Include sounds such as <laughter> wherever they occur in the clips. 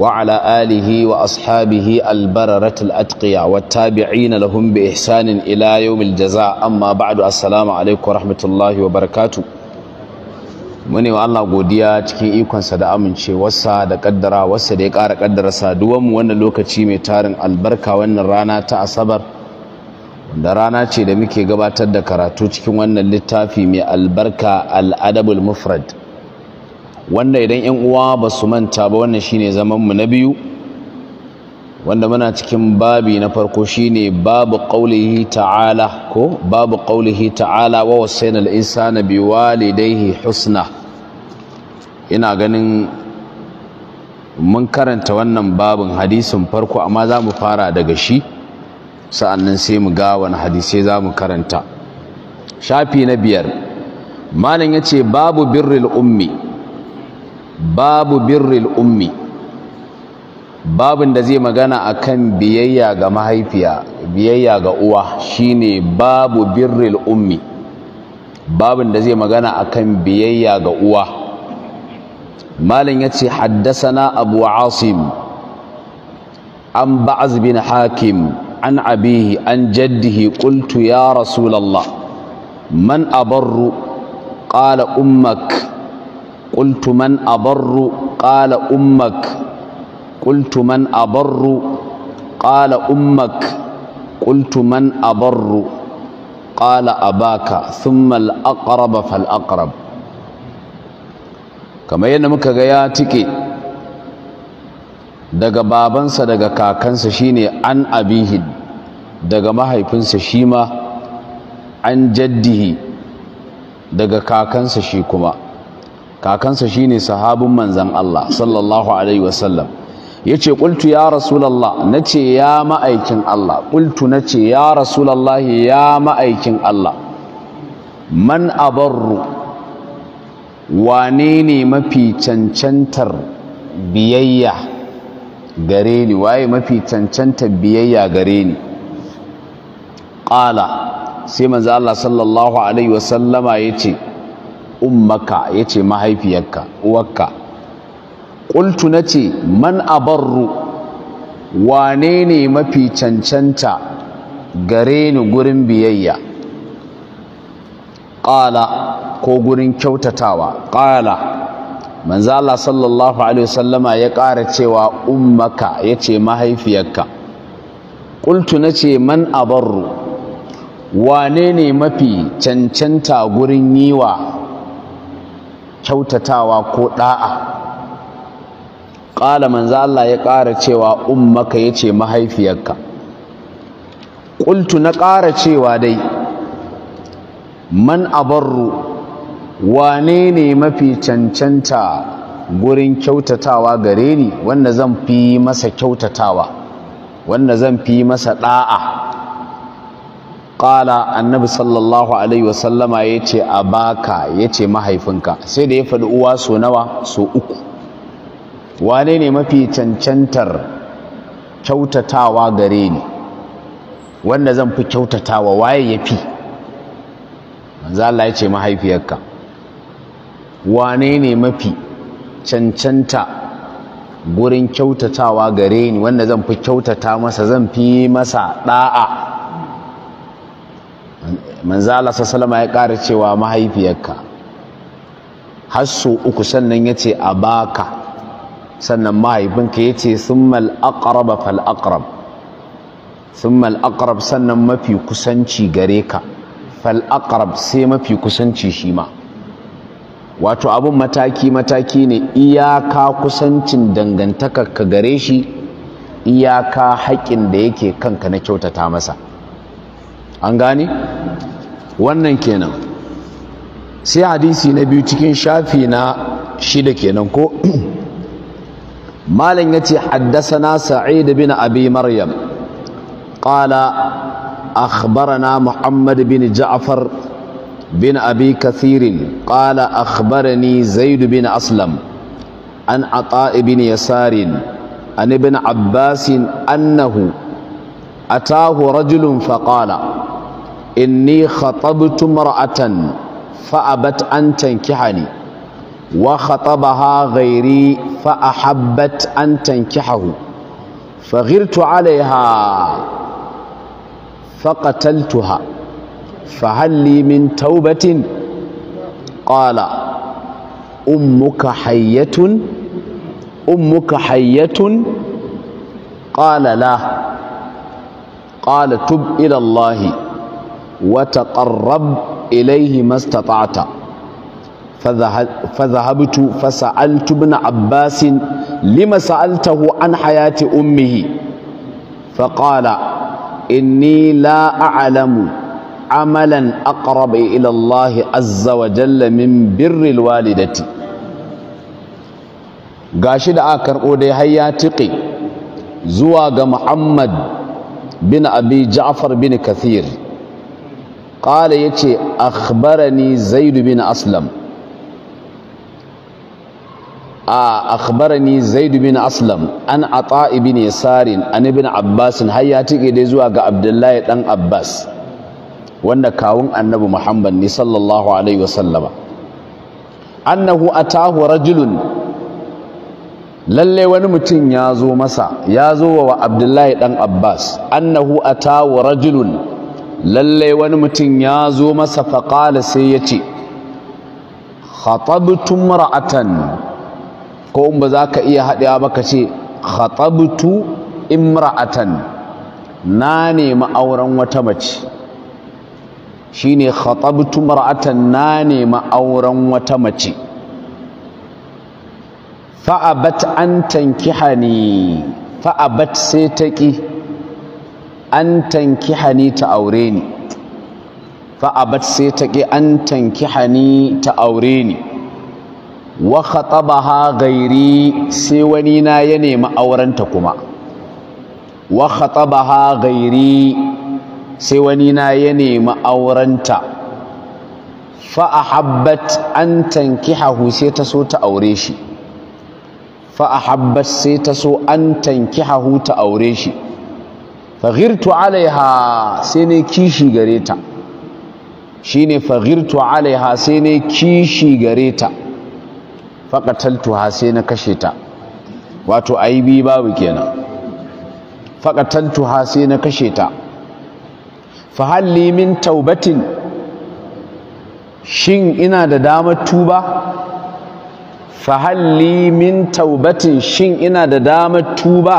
وعلى آله وأصحابه البررة الأتقياء والتابعين لهم بإحسان إلى يوم الجزاء أما بعد السلام عليكم ورحمة الله وبركاته mune wa Allah godiya cikin ikonsa da amincewarsa da kaddara wasa da ya ƙara kaddara saduwan mu wannan lokaci mai tarin albarka wannan rana ta asabar da rana ce da muke gabatar da karatu cikin wannan littafi mai albarka al-adabul mufrad wanda idan yan uwa ba su manta ba wannan shine zaman mu na biyu wanda muna cikin babi na farko shine babu qaulihi ta'ala ko babu qaulihi ta'ala wa wasayna al-insana biwalidayhi husna ina ganin mun karanta wannan babin hadisin farko amma za mu fara daga shi sa'annan sai mu ga wani hadisai za mu karanta shafi na biyar malam yace babu birrul ummi babu birril ummi babin da zai magana akan biyayya ga mahaifiya biyayya ga uwa shine babu birril ummi babin da zai magana akan biyayya ga uwa malam yace na abu asim an ba'az bin hakim an abihi an jaddihi qultu ya rasulullah man abarru qala ummak قلت من أبر قال أمك قلت من أبر قال أمك قلت من أبر قال أباك ثم الأقرب فالأقرب كما ينمك غياتك daga babansa daga kakansa shine an abihi daga mahaifinsa shima ma an jaddihi daga kakansa shi kuma kakansa shine sahabin manzan Allah sallallahu alaihi wasallam yace qultu ya rasulullah nace ya ma'aikin Allah qultu nace ya rasulullah ya ma'aikin Allah man abarru wane ne mafi cancantar biyayya gare ni waye mafi cancantar biyayya gare ni qala sai manzo Allah sallallahu alaihi wasallama yace ummaka ya ce mahaifiyarka uwarka ƙultu na ce man abarru wane ne mafi cancanta gare ni gurin biyayya ƙala ko gurin kyautatawa ƙala manzala sallallahu alaihi wasallama ya ƙara cewa ummaka ya ce mahaifiyarka ƙultu na ce man abarru wane ne mafi cancanta gurin yiwa? kyautatawa ko da'a ƙala manzo Allah ya ƙara cewa ummaka yace mahaifiyarka qultu na ƙara cewa dai man abarru wane ne mafi cancanta gurin kyautatawa gare ni wanda zan fi masa kyautatawa wanda zan fi masa da'a qala annabi sallallahu alaihi wasallama yace abaka yace mahaifinka sai da ya faɗi uwa so nawa so uku wane ne mafi cancantar kyautatawa gare ni wanda zan fi kyautatawa waye yafi manzo Allah yace mahaifiyarka wane ne mafi cancanta gurin kyautatawa gare ni wanda zan fi kyautata masa zan fi masa da'a manzo Allah sallama ya ƙara cewa mahaifiyarka har so uku sannan ya ce a baka sannan mahaifinka ya ce summal aqrab fal aqrab summal aqrab sannan mafi kusanci gare ka fal aqrab sai mafi kusanci shi ma wato abun mataki mataki ne iyaka kusancin dangantakar ka gare shi iyaka haƙin da yake kanka na kyautata masa an gane wannan kenan sai hadisi na biyu cikin shafi na shida kenan ko <clears throat> malam ce haddasana sa'id bin abi maryam qala akhbarana muhammad bin ja'far bin abi kathir qala akhbarani zaid bin aslam an ata ibn yasar an ibn abbas annahu atahu rajulun faqala إني خطبت امرأة فأبت أن تنكحني وخطبها غيري فأحبت أن تنكحه فغرت عليها فقتلتها فهل لي من توبة قال أمك حية أمك حية قال لا قال تب إلى الله wa taqarrab ilayhi mastata'ta fadhahabtu fasa'altu ibn abbas lima sa'altahu an hayati ummihi faqala inni la a'lamu amalan aqrab ila Allah azza wa jalla min birril walidati gashi da aka karbo dai har ya tiƙe zuwa ga Muhammad bin Abi Ja'far bin Kathir ƙala ya ce akhbarani zaidu bin aslam a akhbarani zaidu bin aslam an ata ibn yasarin an ibn abbasin har ya tike dai zuwa ga abdullahi dan abbas wanda kawun annabi muhammad ne sallallahu alaihi wasallama annahu atahu rajulun lalle wani mutum ya zo masa ya zo wa abdullahi dan abbas annahu atawu rajulun lallai wani mutum ya zo masa faƙala sai ya ce khatabtu imra'atan ko in ba za ka iya haɗewa ba ka ce khatabtu imra'atan na nemi auren wata mace shine khatabtu imra'atan na nemi auren wata mace fa'abat an tankihani fa'abat sai ta ƙi an hani ta aure ni fa'abat sai ta ƙi an hani ta aure ni wa ha gairi sai wani na ya nemi aurenta kuma wa ha gairi sai wani na ya nemi aurenta fa habbat an hahu sai ta so ta aure shi fa habbat sai ta so an hahu ta aure shi faghirtu alaiha sai ne kishi gare ta shine faghirtu alaiha sai ne kishi gare ta faqataltuha sai na kashe ta wato a yi biyu babu kenan faqataltuha sai na kashe ta fa halli min taubatin shin ina da damar tuba fa halli min taubatin shin ina da damar tuba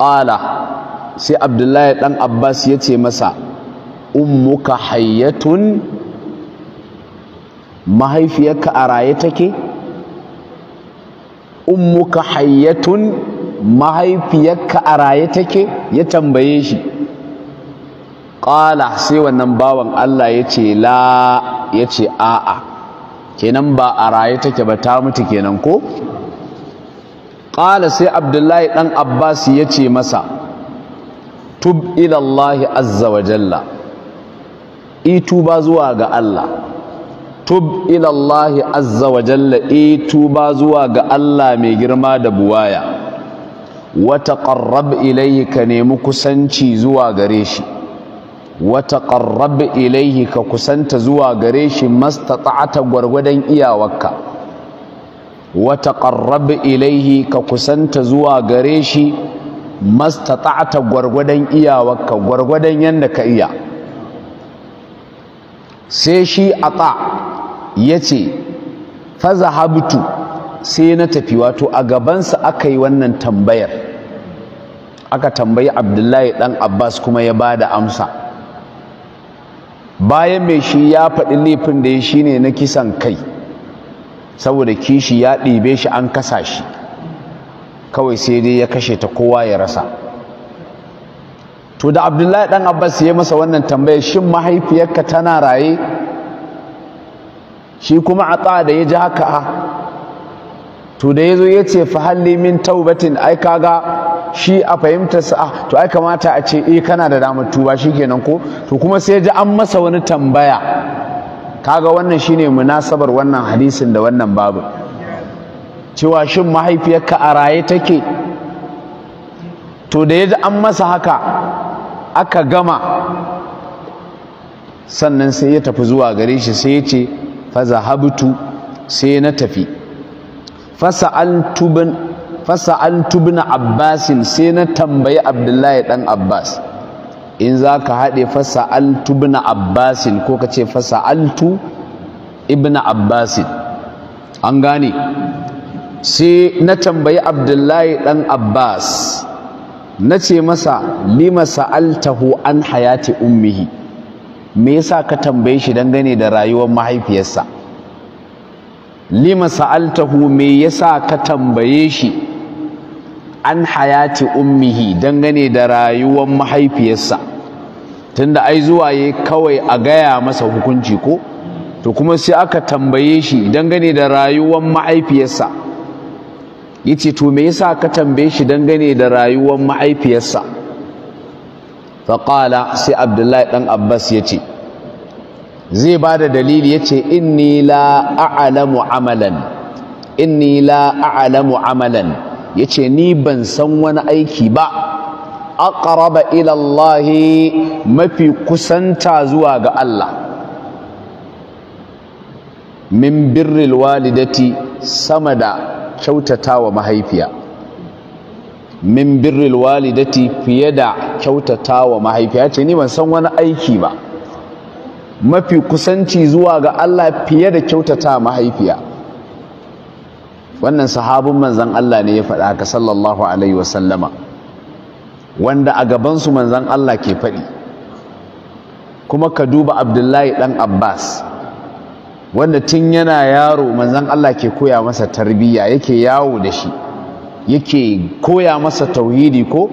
qala sai abdullahi dan abbas ya ce masa ummuka hayyatun mahaifiyarka a raye take ummuka hayyatun mahaifiyarka a raye take ya tambaye shi ƙala sai wannan bawan Allah ya ce la ya ce a'a kenan ba a raye take ba ta mutu kenan ko ƙala sai abdullahi ɗan abbas ya ce masa tub ilallahi azza wa jalla ituba zuwa ga allah tub ilallahi azza wa jalla ituba zuwa ga allah mai girma da buwaya wata ƙarrab ilaihi ka nemi kusanci zuwa gare shi wata ƙarrab ilaihi ka kusanta zuwa gare shi mastata'ata gwargwadon iyawarka Wata taqarrab ilaihi ka kusanta zuwa gare shi mastata'ta gwargwadon iyawarka gwargwadon yanda ka iya sai shi a ya yace faza Habitu sai na tafi wato a gabansa aka yi wannan tambayar aka tambayi abdullahi dan abbas kuma ya ba da amsa bayan mai shi ya faɗi laifin da ya shine na kisan kai saboda kishi ya ɗibe shi an kasa shi kawai sai dai ya kashe ta kowa ya rasa to da abdullahi ɗan abbas ya masa wannan tambaya shin mahaifiyarka tana raye shi kuma a da ya ji haka a to da ya zo ya ce fahalli min taubatin ai kaga shi a fahimtar sa ah, to ai kamata a ce e kana da damar tuba kenan ko to kuma sai ji an masa wani tambaya kaga wannan shine munasabar wannan hadisin da wannan babu cewa shin mahaifiyarka a raye take to da yaji an masa haka aka gama sannan sai ya tafi zuwa gare shi sai ya ce fa zahabtu sai na tafi fasa'altu bin abbasin sai na tambayi abdullahi dan abbas in za ka haɗe fasa'altu ibn abbasin ko ka ce fasa'altu ibn abbasin an gane sai na tambayi abdullahi ɗan abbas na ce masa lima sa'altahu an hayati ummihi me yasa ka tambaye shi dangane da rayuwar mahaifiyarsa lima sa'altahu me yasa ka tambaye shi an hayati ummihi dangane da rayuwar mahaifiyarsa tunda ai zuwa ya kawai a gaya masa hukunci ko to kuma sai aka tambaye shi dangane da rayuwar ma'aifiyarsa yace to me yasa ka tambaye shi dangane da rayuwar ma'aifiyarsa faqala sai abdullahi dan abbas yace zai ba bada dalili yace inni la a'lamu amalan inni la a'lamu amalan yace ni ban san wani aiki ba aqraba ila Allah mafi kusanta zuwa ga Allah min birril walidati sama da kyautatawa mahaifiya min birril walidati fiye da kyautatawa mahaifiya ce ni ban san wani aiki ba mafi kusanci zuwa ga Allah fiye da kyautata mahaifiya wannan sahabin manzon Allah ne ya faɗa haka sallallahu alaihi sallama. wanda a gabansu manzan Allah ke faɗi kuma ka duba abdullahi ɗan abbas wanda tun yana yaro manzan Allah ke koya masa tarbiyya yake yawo da shi yake koya masa tauhidi ko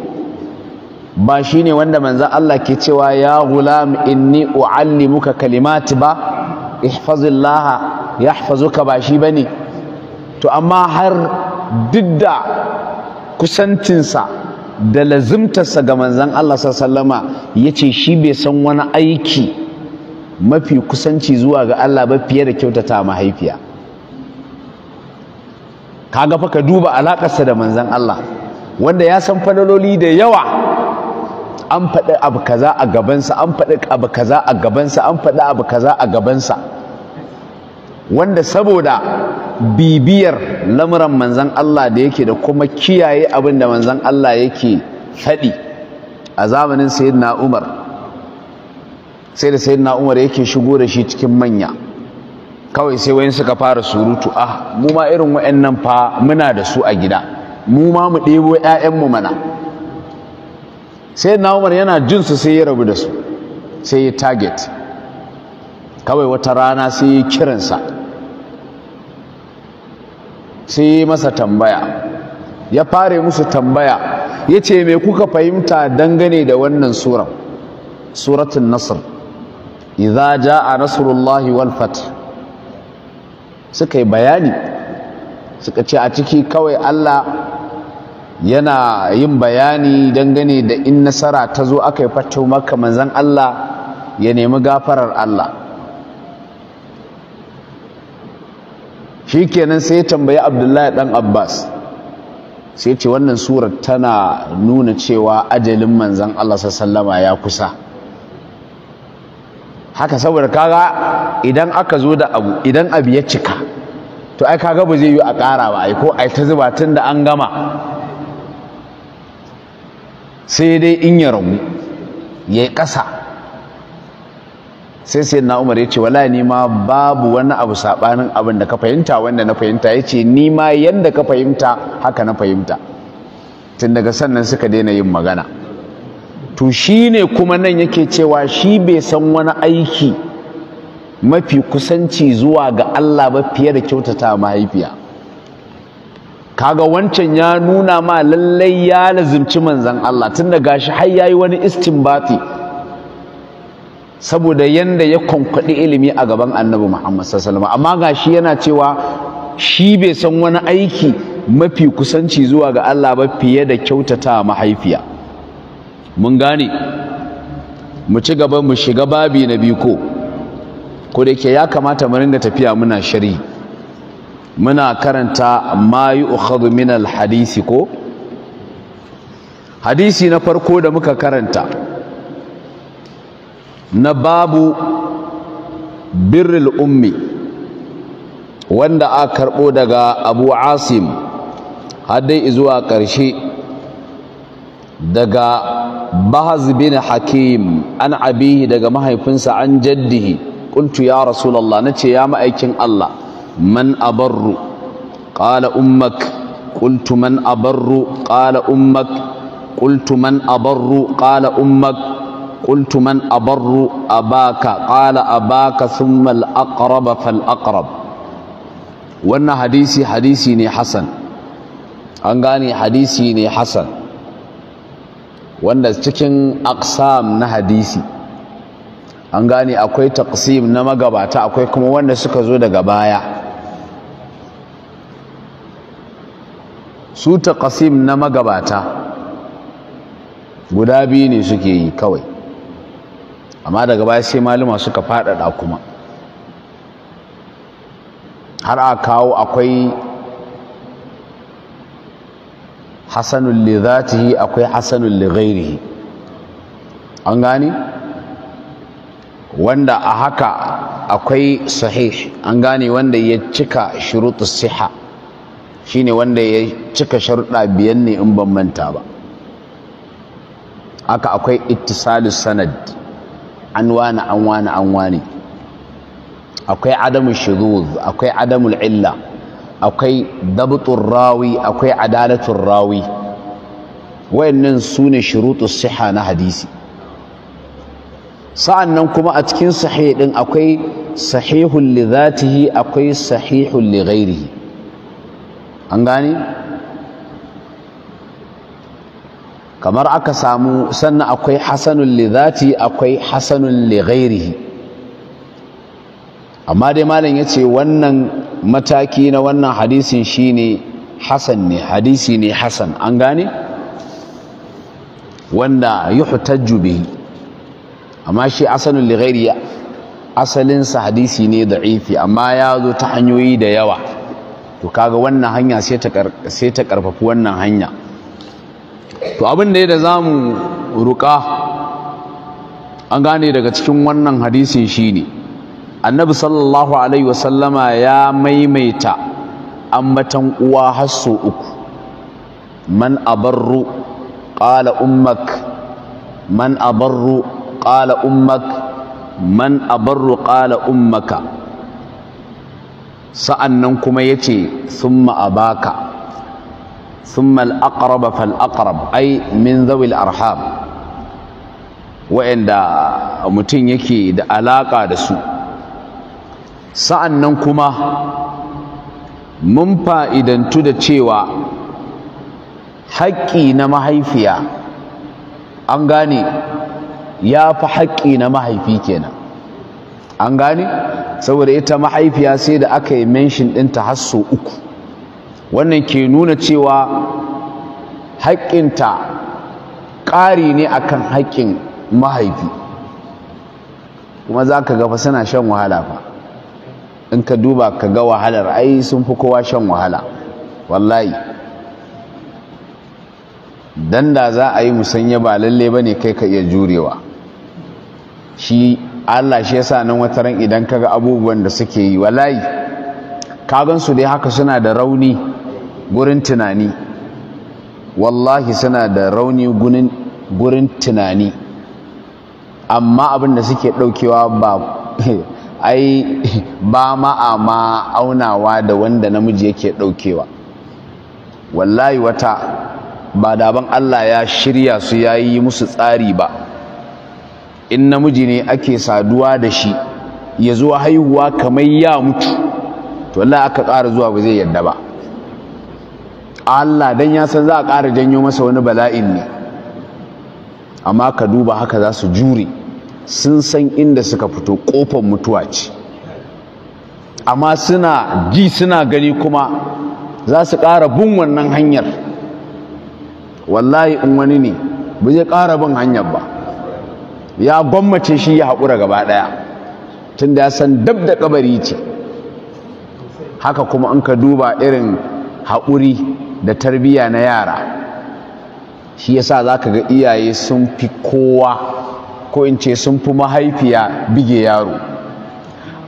ba shi ne wanda manzan Allah ke cewa ya gulam inni u'allimuka kalimati ba ihfazillaha yahfazuka ba shi bane to amma har duk da kusantinsa da lazimtarsa ga manzan Allah sallama ya ce shi bai san wani aiki mafi kusanci zuwa ga Allah ba fiye da kyautata mahaifiya kaga fa ka duba alaƙarsa da manzan Allah wanda ya san fadaloli da yawa an faɗi abu kaza a gabansa an faɗi abu kaza a gabansa an faɗi abu kaza a gabansa wanda saboda bibiyar lamuran manzan Allah da yake da kuma kiyaye abin da manzan Allah yake faɗi a zamanin sayyidina Umar sai da sayyidina Umar yake shigo da shi cikin manya kawai sai wayan suka fara surutu ah mu ma irin wayannan fa muna da su a gida mu ma mu ɗebo mu mana sai na umar yana jin su sai ya rabu da su sai ya target kawai wata rana sai ya kiransa sai masa tambaya ya fare musu tambaya ya ce mai kuka fahimta dangane da wannan sura suratun nasr Iza jaa nasrullahi wal fath suka yi bayani suka ce a ciki kawai Allah yana yin bayani dangane da in nasara ta zo aka yi fatu maka manzon Allah ya nemi gafarar Allah Shi kenan sai ya tambayi abdullahi dan abbas sai ce wannan surar tana nuna cewa ajalin manzan allah sallama ya kusa haka saboda kaga idan aka zo da abu idan abu ya cika to ai kaga ba zai yi a ƙara ba ai ko ai ta zuba tun da an gama sai dai in ya ragu ya yi ƙasa sai sai na umar ya ce wala ni ma babu wani abu sabanin abin da ka fahimta wanda na fahimta ya ce ni ma yanda ka fahimta haka na fahimta tun daga sannan suka daina yin magana to shi ne kuma nan yake cewa shi bai san wani aiki mafi kusanci zuwa ga Allah ba fiye da kyautata mahaifiya kaga wancan ya nuna ma lallai ya lazimci manzan Allah tun da gashi har yayi wani istinbati saboda yanda ya kwankwaɗi ilimi a gaban annabi muhammad sallallahu amma ga shi yana cewa shi bai san wani aiki mafi kusanci zuwa ga allah ba fiye da kyautata mahaifiya mun gane mu ci gaba mu shiga babi na biyu ko ko da ya kamata mu ringa tafiya muna shari muna karanta ma yu'khadhu min al-hadisi ko hadisi na farko da muka karanta na babu birril ummi wanda a karɓo daga abu asim haddai zuwa ƙarshe daga bahaz bin hakim an abihi daga mahaifinsa an jaddihi ƙuntu ya rasulallah na ce ya ma'aikin Allah man abarru ƙala ummak ƙuntu man abarru ƙala ummak ƙuntu man abarru ƙala ummak قلت من أبر أباك قال أباك ثم الأقرب فالأقرب وأن حديثي حديثي حسن أنغاني حديثي حسن wanda cikin aksam na hadisi an gane akwai taqsim na magabata akwai kuma wanda suka zo daga baya su taqsim na magabata guda biyu ne suke yi kawai amma daga baya sai malama suka faɗaɗa kuma har a kawo akwai hasanun li zatihi akwai hasanun li an gani wanda a haka akwai sahih an gane wanda ya cika shuruɗu siha shine wanda ya cika sharuɗa biyan ne in ban manta ba haka akwai ittisalus sanad an wani an wani an wani akwai adamu shuzuz akwai adamun illa akwai dabtun rawi akwai adalatun rawi wayannan su ne shurutus siha na hadisi sa'an nan kuma a cikin sahih ɗin akwai sahihun li zatihi akwai sahihun li ghairihi an gane kamar aka samu sannan akwai hasanun li akwai hasanun li ghairihi amma dai malam ya ce wannan mataki na wannan hadisin shine hasan ne hadisi ne hasan an gane wanda yi hutajju bihi amma shi hasanun li asalinsa hadisi ne da'ifi amma ya zo ta hanyoyi da yawa to kaga wannan hanya sai ta karfafi wannan hanya to abin da ya da zamu mu ruƙa an gane daga cikin wannan hadisin shine annabi sallallahu alaihi wasallama ya maimaita ambatan uwa har uku man abarru qala ummak man abarru qala ummak man abarru qala ummaka sa'annan kuma yace summa abaka ثم الأقرب فالأقرب أي من ذوي الأرحام وإن mutum yake da alaƙa da su sa'an kuma mun fa'idantu da cewa haƙƙi na mahaifiya an gane ya fi haƙƙi na mahaifi kenan an gane saboda ita mahaifiya sai da aka yi menshin ɗinta har sau uku wannan ke nuna cewa haƙƙinta ƙari ne akan haƙƙin mahaifi kuma za ka gafa suna shan wahala fa in ka duba ka ga wahalar ai sun fi kowa shan wahala wallahi dan da za a yi musanya ba lalle ba ne kai ka iya jurewa shi allah shi yasa nan wata ran idan ka ga abubuwan da suke yi wallahi kagansu su dai haka suna da rauni gurin tunani wallahi suna da rauni gurin tunani amma abin da suke ɗaukewa ba <laughs> ai ba ma'a ma aunawa da wanda namiji yake ɗaukewa wallahi wata ba daban Allah ya shirya su ya yi musu tsari ba in namiji ne ake saduwa da shi ya zo haihuwa kamar ya mutu to Allah aka ƙara zuwa ba zai yadda ba Allah dan ya san za a ƙara janyo masa wani bala'in ne amma ka duba haka za su jure sun san inda suka fito ƙofar mutuwa ce amma suna ji suna gani kuma za su ƙara bin wannan hanyar wallahi in wani ne ba zai ƙara bin hanyar ba ya gwammace shi ya haƙura gaba ɗaya tunda ya san dab da ƙabari ce haka kuma in ka duba irin haƙuri da tarbiyya na yara shi yasa za ka ga iyaye sun fi kowa ko in ce sun fi mahaifiya bige yaro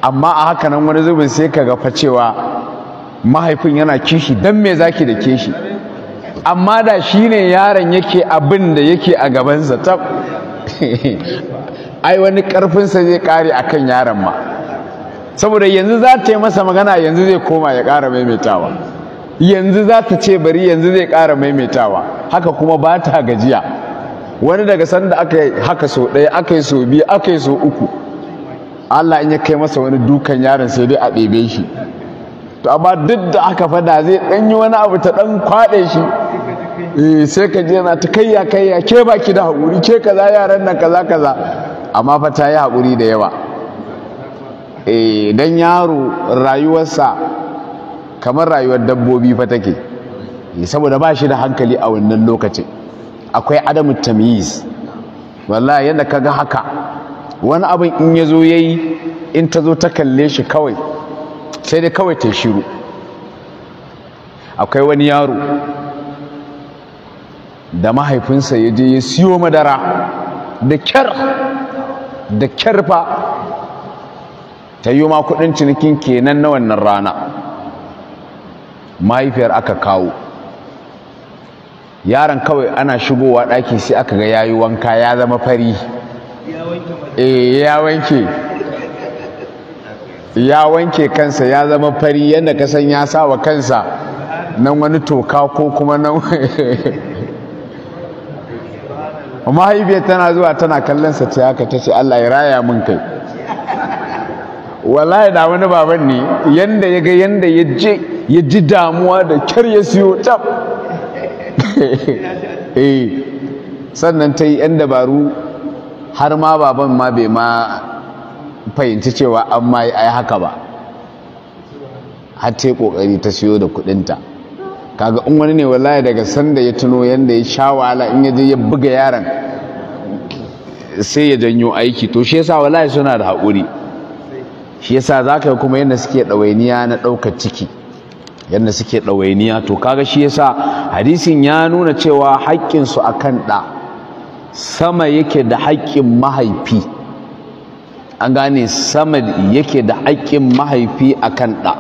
amma a haka nan wani zubin sai ka ga facewa cewa mahaifin yana kishi don me zaki da kishi amma da shi ne yaron yake abin da yake a gabansa tab ai wani karfinsa zai kare a kan yaron ma saboda yanzu za ta yi masa magana yanzu zai koma ya kara maimaitawa yanzu za ta ce bari yanzu zai ƙara maimaitawa haka kuma ba ta gajiya wani daga sanda aka yi haka so ɗaya aka yi so biyu aka yi so uku Allah in ya kai masa wani dukan yaron sai dai a ɗebe shi to amma duk da aka fada zai ɗan yi wani abu ta ɗan kwaɗe shi eh, sai ka ji yana ta kayya kayya ke ba ki da haƙuri ke kaza yaran nan kaza kaza amma fa ta yi haƙuri da yawa E dan yaro rayuwarsa kamar rayuwar dabbobi fa take eh, saboda ba shi da hankali a wannan lokacin akwai adamu tamyiz wallahi yadda ga haka wani abin in ya zo yayi in ta zo ta kalle shi kawai sai dai kawai ta shiru akwai wani yaro da mahaifinsa ya je ya siyo madara da kyar da kyar fa ta yi ma kudin cinikin kenan na wannan rana mahaifiyar aka kawo yaron kawai ana shigowa ɗaki sai aka ga yayi wanka ya zama fari eh, ya wanke ya wanke kansa ya zama fari yadda ka san ya sa wa kansa nan wani toka ko kuma nan <laughs> mahaifiyar tana zuwa tana kallonsa ta haka ta ce Allah ya raya mun kai wallahi da wani baban ne yadda ya ga yadda ya je ya ji damuwa da kyar ya siyo tab <laughs> eh, sannan ta yi 'yan dabaru har ma baban ma bai ma fahimci cewa an ma yi haka ba har ta yi kokari ta siyo da kuɗinta kaga in wani ne wallahi daga sanda ya tuno yadda ya sha wahala in ya ya buga yaran sai ya janyo aiki to shi yasa wallahi suna da haƙuri shi yasa za ka yi kuma yadda suke ɗawainiya na ɗaukar ciki yadda suke ɗawainiya to kaga shi yasa hadisin ya nuna cewa haƙƙinsu a kan ɗa sama yake da haƙƙin mahaifi an gane sama yake da haƙƙin mahaifi a kan ɗa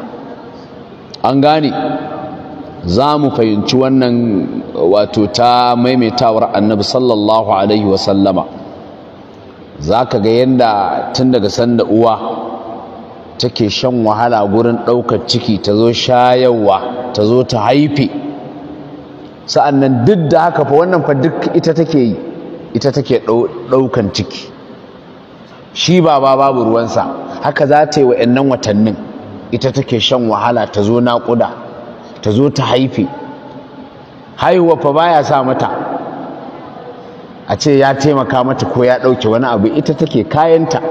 an gane za mu fahimci wannan wato ta maimaitawar annabi sallallahu alaihi wasallama za ka ga yadda tun daga sanda uwa take shan wahala gurin ɗaukar ciki ta zo shayarwa ta zo ta haife sa'an duk da haka fa wannan fa duk ita take yi ita take ɗaukan ciki shi baba ba babu ruwansa haka za ta yi wa wa'annan watannin ita take shan wahala ta zo naƙuda ta zo ta haife haihuwa fa baya sa mata a ce ya taimaka mata ko ya ɗauke wani abu ita take kayanta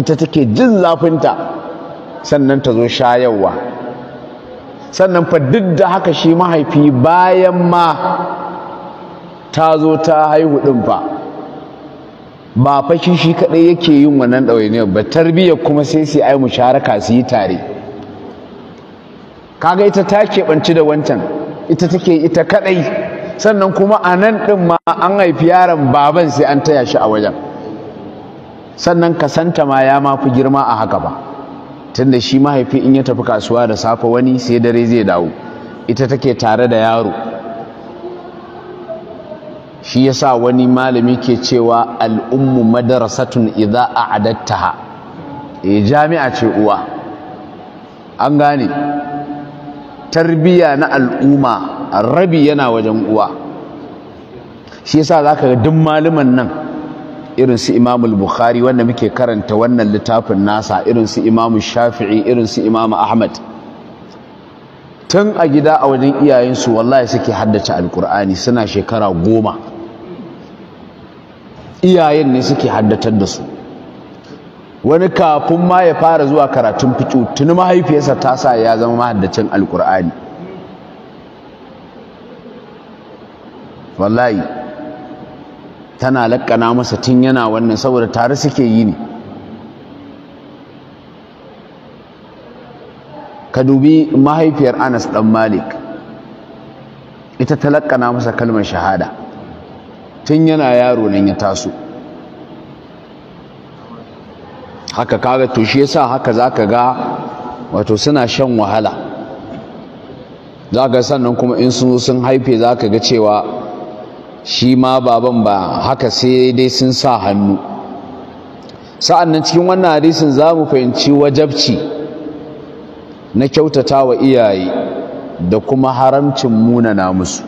ita take jin zafinta sannan ta zo shayarwa sannan fa duk da haka shi mahaifi bayan ma ta zo ta haihu ɗin fa ba fashi shi kaɗai yake yin wannan ɗawainiyar ba tarbiyyar kuma sai sai ai musharaka su yi tare kaga ita ta keɓanci da wancan ita take ita kaɗai sannan kuma a nan ɗin ma an haifi yaron baban sai an taya shi a wajen sannan kasanta ma ya mafi girma a haka ba tunda shi mahaifi in ya tafi kasuwa da safe wani sai dare zai dawo ita take tare da yaro shi yasa wani malami ke cewa al'ummu madarasatun idza a'adattaha E, jami'a ce uwa an gane tarbiya na al'umma rabi yana wajen uwa shi yasa zaka ga duk malaman nan irin su imamu Bukhari wanda muke karanta wannan littafin nasa irin su imamu Shafi'i irin su imamu Ahmad tun a gida a wajen iyayensu wallahi suke haddace alkur'ani suna shekara goma iyayen ne suke haddatar da su wani kafin ma ya fara zuwa karatun fiƙo tuni mahaifiyarsa ta sa ya zama mahaddacin alkur'ani wallahi tana lakana masa tun yana wannan saboda tare suke yi ne ka dubi mahaifiyar anas Dan malik ita ta lakana masa kalmar shahada tun yana yaro nan ya taso haka kaga to shi yasa haka zaka ga wato suna shan wahala zaka sannan kuma in sun sun haife zaka ga cewa shi ma baban ba haka sai dai sun sa hannu sa'an nan cikin wannan hadisin za mu fahimci wajabci na kyautata wa iyaye da kuma haramcin muna na musu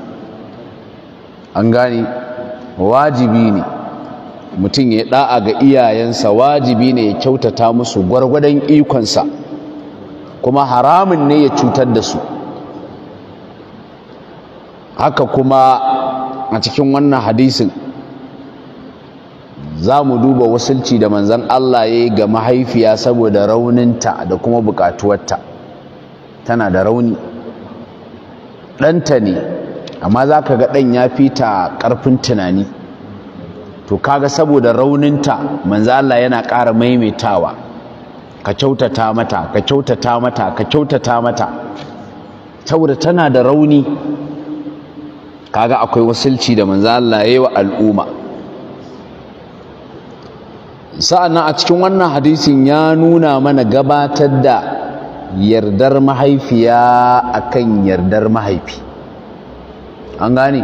an gane wajibi ne mutum ya ɗa'a ga iyayensa wajibi ne ya kyautata musu gwargwadon ikonsa kuma haramun ne ya cutar da su haka kuma a cikin wannan hadisin za mu duba wasulci da manzan Allah ya yi ga mahaifiya saboda rauninta da kuma bukatuwarta tana da rauni ɗanta ne amma za ka ga ɗan ya fi ta ƙarfin tunani to kaga saboda rauninta manzan Allah yana ƙara maimaitawa ka kyautata mata ka kyautata mata ka kyautata mata saboda tana da rauni kaga akwai wasilci da manzo Allah yayi wa al'umma sa'annan a cikin wannan hadisin ya nuna mana gabatar da yardar mahaifiya akan yardar mahaifi an gane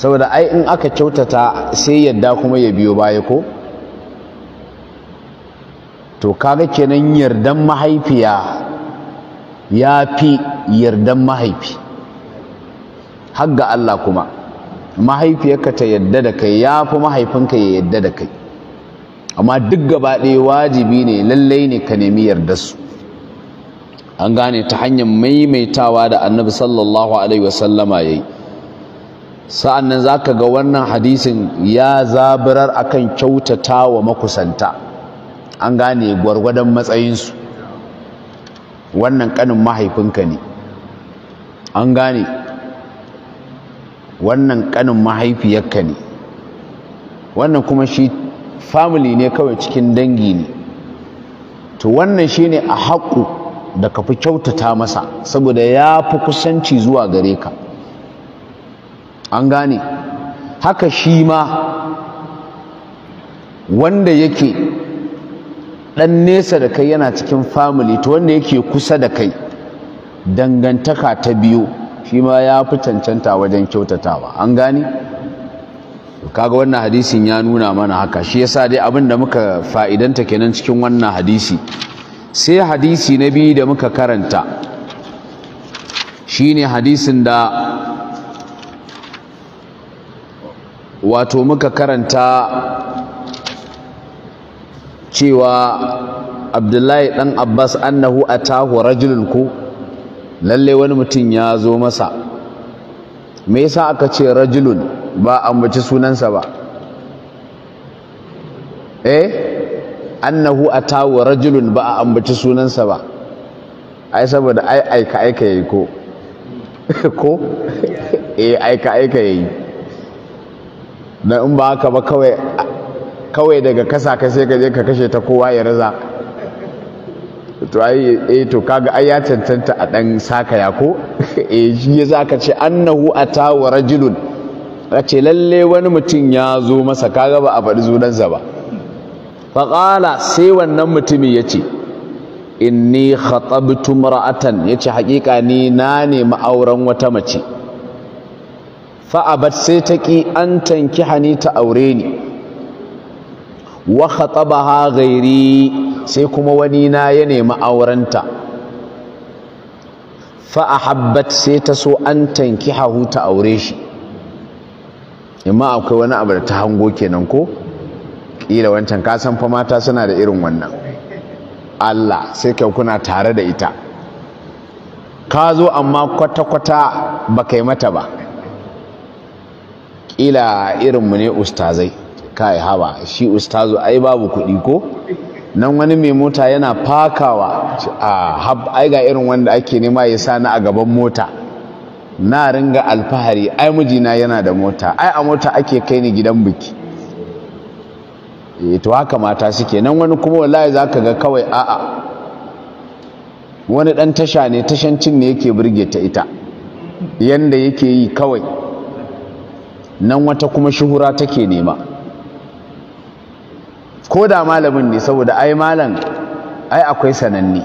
saboda ai in aka kyautata sai yadda kuma ya biyo baya ko to kaga kenan yardan mahaifiya ya fi yardan mahaifi har ga Allah kuma mahaifiyarka ta yadda da kai ya fi mahaifinka ya yadda da kai amma duk gaba ɗaya wajibi ne lallai ne ka nemi yarda su. an gane ta hanyar maimaitawa da annabi sallallahu alaihi wasallama ya yi sa'an nan za ka ga wannan hadisin ya zabirar akan kyautata wa makusanta an gane gwargwadon matsayinsu wannan kanin mahaifinka ne an gane wannan kanin mahaifiyarka ne wannan kuma shi family ne kawai cikin dangi ne to wannan shine a haƙu da ka fi kyautata masa saboda ya fi kusanci zuwa gare ka an gane haka shi ma wanda yake ɗan nesa da kai yana cikin family to wanda yake kusa da kai dangantaka ta biyu shi ma ya fi cancanta wajen kyautatawa an gani kaga wannan hadisin ya nuna mana haka shi yasa dai abin da muka fa'idanta kenan cikin wannan hadisi sai hadisi na biyu da muka karanta shine hadisin da wato muka karanta cewa abdullahi dan abbas annahu atahu rajulun ku lalle wani mutum ya zo masa me yasa aka ce rajulun ba ambaci sunansa ba eh annahu atawu rajulun ba a ambaci sunansa ba ai saboda ai aika aika yayi ko <laughs> ko <laughs> eh aika aika yayi na in ba haka ba kawai kawai daga kasa ka sai ka je ka kashe ta kowa ya raza to eh, to kaga ai ya cancanta a dan saka ya ko <laughs> eh shi yasa zaka ce annahu atawa rajulun ce lalle wani mutum ya zo masa kaga ba a faɗi zunansa ba faƙala sai wannan mutumi ya ce inni khatabtu mar'atan yace haƙiƙa ni na nemi auren wata mace Fa fa'abat sai ta ki an tanki hani ta aure ni wa khatabaha ghairi sai kuma wani na ya nemi aurenta fa habbat sai ta so an tanki hahu ta aure shi imma akwai wani abu da ta hango kenan ko kila wancan ka san fa mata suna da irin wannan Allah sai kai kuna tare da ita ka zo amma kwata-kwata ba kai mata ba kila irinmu ne ustazai kai haba shi ustazu ai babu kuɗi ko nan wani mai mota yana fakawa a ai ga irin wanda ake nema ya sani a gaban mota na ringa alfahari ai mijina yana da mota ai a mota ake kai ni gidan biki eh, to haka mata suke nan wani kuma wallahi zaka ga kawai a'a wani dan tasha ne tashancin ne yake burge ta ita yanda yake yi kawai nan wata kuma shuhura take nema ko da malamin ne saboda ai malam ai akwai sananne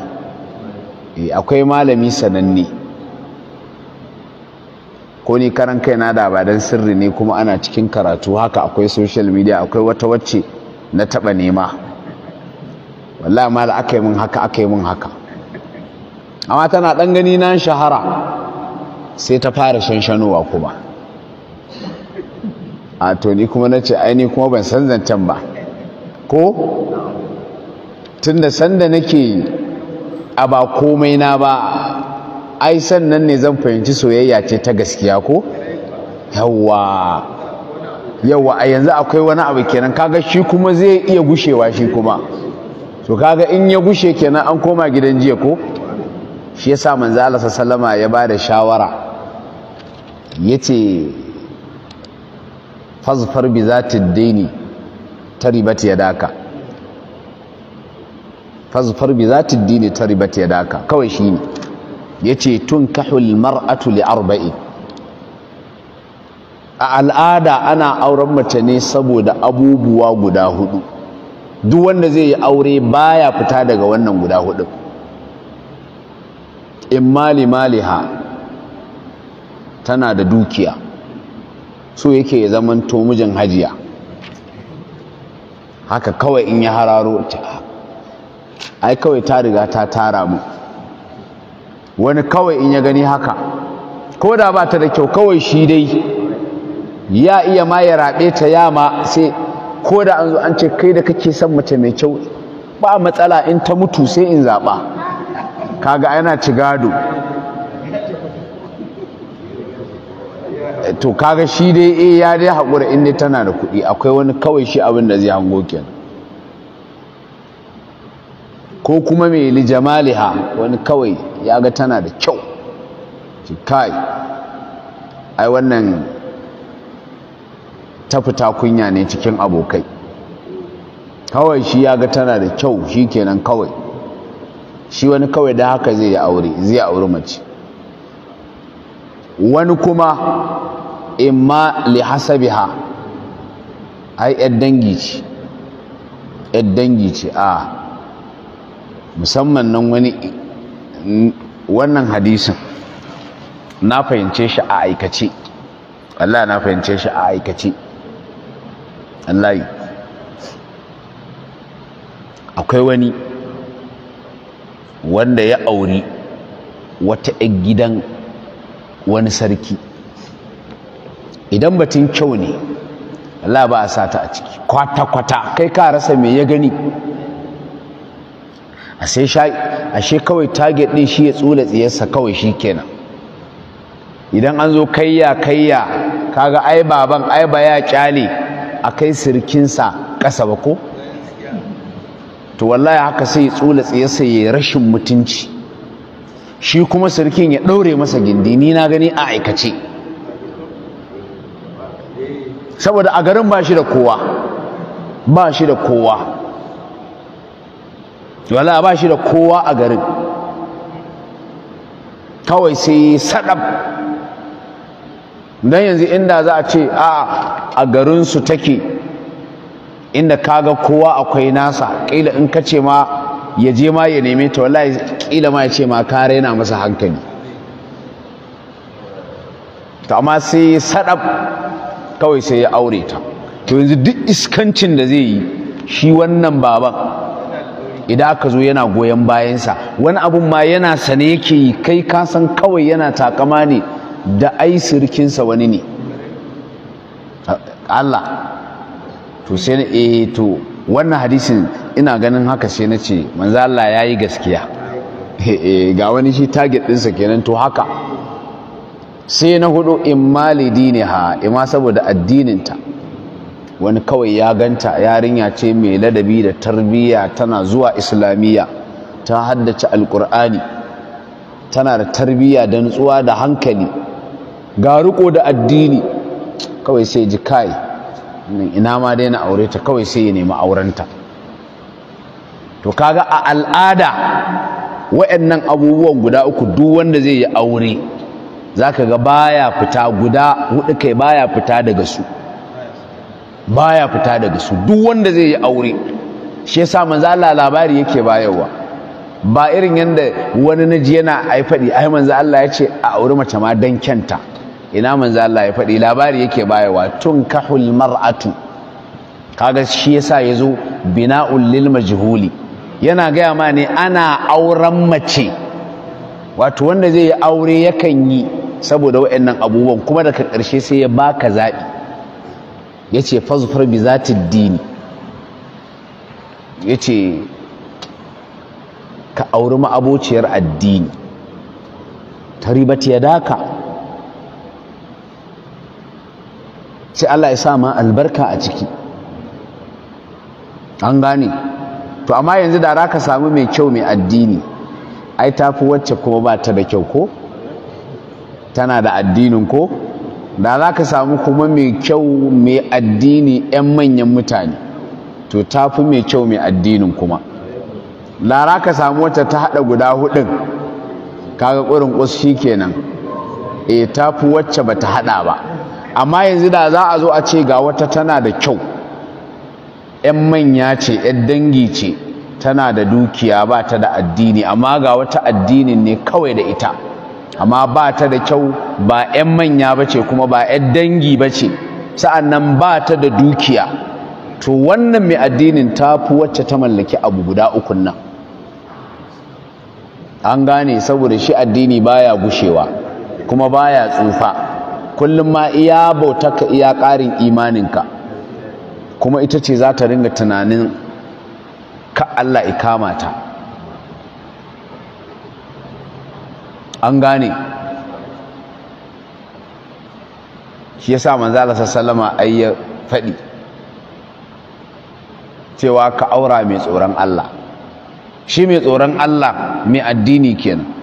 eh, akwai malami sananne ko ni karan kaina da ba dan sirri ne kuma ana cikin karatu haka akwai social media akwai wata wacce na taba nema wallahi mal da aka yi haka aka yi haka amma tana dan gani na shahara sai ta fara shanshanowa kuma a to ni kuma nace ai ni kuma ban san zancen ba ko tunda sanda nake a ba komai na ba ai sannan ne zan fahimci soyayya ce ta gaskiya ko yawwa yawwa a yanzu akwai wani abu kenan kaga shi kuma zai iya gushewa shi kuma to kaga in ya gushe kenan an koma gidan jiya ko shi yasa manzo Allah sallama ya ba da shawara yace fazfar bi zati daini taribat yadaka fazfar bi zati dini taribat yadaka kawai shine yace tunkahul mar'atu li arba'i a al'ada ana auren mace ne saboda abubuwa guda hudu duk wanda zai yi aure baya fita daga wannan guda hudu in mali maliha tana da dukiya so yake ya zamanto mijin hajiya haka kawai in ya hararo ah, ai kawai ta riga ta tara mu wani kawai in ya gani haka ko da ba ta da kyau kawai shi dai ya iya ma ya raɓe ta yama sai ko da an zo an ce kai da kake son mace mai kyau ba matsala in ta mutu sai in zaɓa kaga yana ci gado to kaga shi dai eh ya dai haƙura in dai tana da kuɗi akwai wani kawai shi abin da zai hango kenan ko kuma mai lijamaliha wani kawai ya ga tana da kyau kai ai wannan ta fita kunya ne cikin abokai kawai shi ya ga tana da kyau shi kenan kawai shi wani kawai da haka zai aure zai aure mace wani kuma imma li ha ai yar dangi ce yar dangi ce a musamman nan wani wannan hadisin na fahimce shi a aikace Allah na fahimce shi a aikace Allah akwai wani wanda ya auri wata 'yan gidan wani sarki idan batun kyau ne Allah ba a sata a ciki kwata-kwata kai ka rasa me ya gani A sai ashe kawai target ɗin shi ya tsula tsiyarsa kawai shi kenan idan an zo kayya kayya kaga ai baban ai ba ya kyale a kai sirkinsa ƙasa ba ko to wallahi haka sai ya tsula tsiyarsa ya rashin mutunci shi kuma sarkin ya ɗaure masa gindi ni na gani a aikace saboda a garin ba shi da kowa ba shi da kowa wala ba shi da kowa a garin kawai sai sadab don yanzu inda za a ce a a garinsu take inda kaga kowa akwai nasa ƙila in kace ma ya je ma ya neme ta wallahi kila ma ya ce ma ka raina masa hankali ta amma sai sadab kawai sai ya aure ta to yanzu duk iskancin da zai yi shi wannan baban idan aka zo yana goyon bayansa wani abun ma yana sane yake yi kai ka san kawai yana takama ne da ai sirkinsa wani ne Allah to sai eh to wannan hadisin ina ganin haka sai na ce manzo Allah ya yi gaskiya <laughs> eh, eh, ga wani shi target ɗinsa kenan to haka sai na hudu in mali dini ha ima saboda addininta wani kawai ya ganta yarinya ce mai ladabi da tarbiyya tana zuwa islamiyya ta haddace alkur'ani tana da tarbiyya da nutsuwa da hankali ga riko da addini kawai sai ji kai ina ma dai na aure ta kawai sai ya nemi aurenta to kaga a al'ada wa'annan abubuwan guda uku duk wanda zai yi aure zaka ga baya fita guda hudu kai baya fita daga su baya fita daga su duk wanda zai yi aure shi yasa manzo Allah labari yake bayarwa ba irin yadda wani naji yana ai fadi ai manzo Allah ya ce a aure mace ma dan kyanta ina manzo Allah ya fadi labari yake bayarwa tun kahul mar'atu kaga shi yasa yazo bina'ul lil majhuli yana gaya ma ne ana auren mace wato wanda zai yi aure yakan yi saboda waɗannan abubuwan kuma daga ƙarshe sai ya baka zaɓi ya ce fazufar bi za ta dini ya ce ka auri ma'abociyar addini ta ribata ya daka sai Allah ya sa ma albarka a ciki an gane to amma yanzu da za ka samu mai kyau mai addini ai tafi wacce kuma ba ta da kyau ko tana da addinin ko da za ka samu kuma mai kyau mai addini 'yan manyan mutane to tafi mai kyau mai addinin kuma lara ka samu wata ta haɗa guda hudun kaga ƙurin ƙuski kenan e eh, tafi wacce ba ta haɗa ba amma yanzu da za a zo a ce ga wata tana da kyau yan manya ce yan dangi ce tana da dukiya ba ta da addini amma ga wata addini ne kawai da ita amma ba ta da kyau ba yan manya ba ce kuma ba yan dangi ba ce nan ba ta da dukiya to wannan mai addinin ta fi wacce ta mallaki abu guda ukun nan an gane saboda shi addini baya gushewa kuma baya tsufa kullum ma iya ka iya ƙarin imaninka kuma ita ce za ta ringa tunanin ka Allah ikama ta an gane shi ya manzo Allah sallama ai ya faɗi cewa ka aura mai tsoron Allah shi mai tsoron Allah mai addini kenan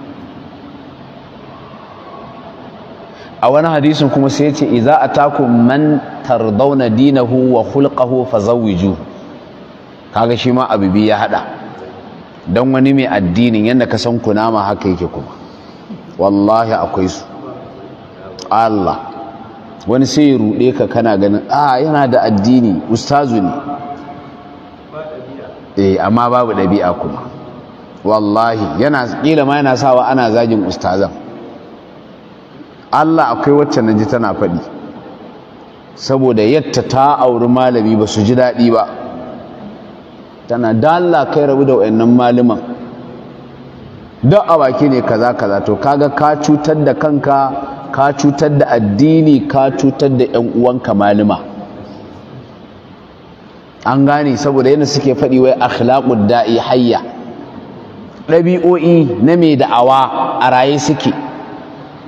a wani hadisin kuma sai ce yace a taku man tardawna dinahu wa khulquhu fazawwiju kaga shi ma abibi ya hada dan wani mai addinin yanda ka san kunama haka yake kuma wallahi akwai su Allah wani sai ya rude ka kana ganin a yana da addini ustazu ne eh amma babu dabi'a kuma wallahi yana kila ma yana sawa ana zagin ustazan Allah akwai wacce na ji tana faɗi saboda yadda ta auri malami ba su ji daɗi ba tana dalla kai rabu da wayannan maliman don a baki ne kaza kaza to kaga ka cutar da kanka ka cutar da addini ka cutar da yan uwanka malima an gane saboda yana suke faɗi wai akhlaqud da'i hayya ɗabi'o'i na mai da'awa a raye suke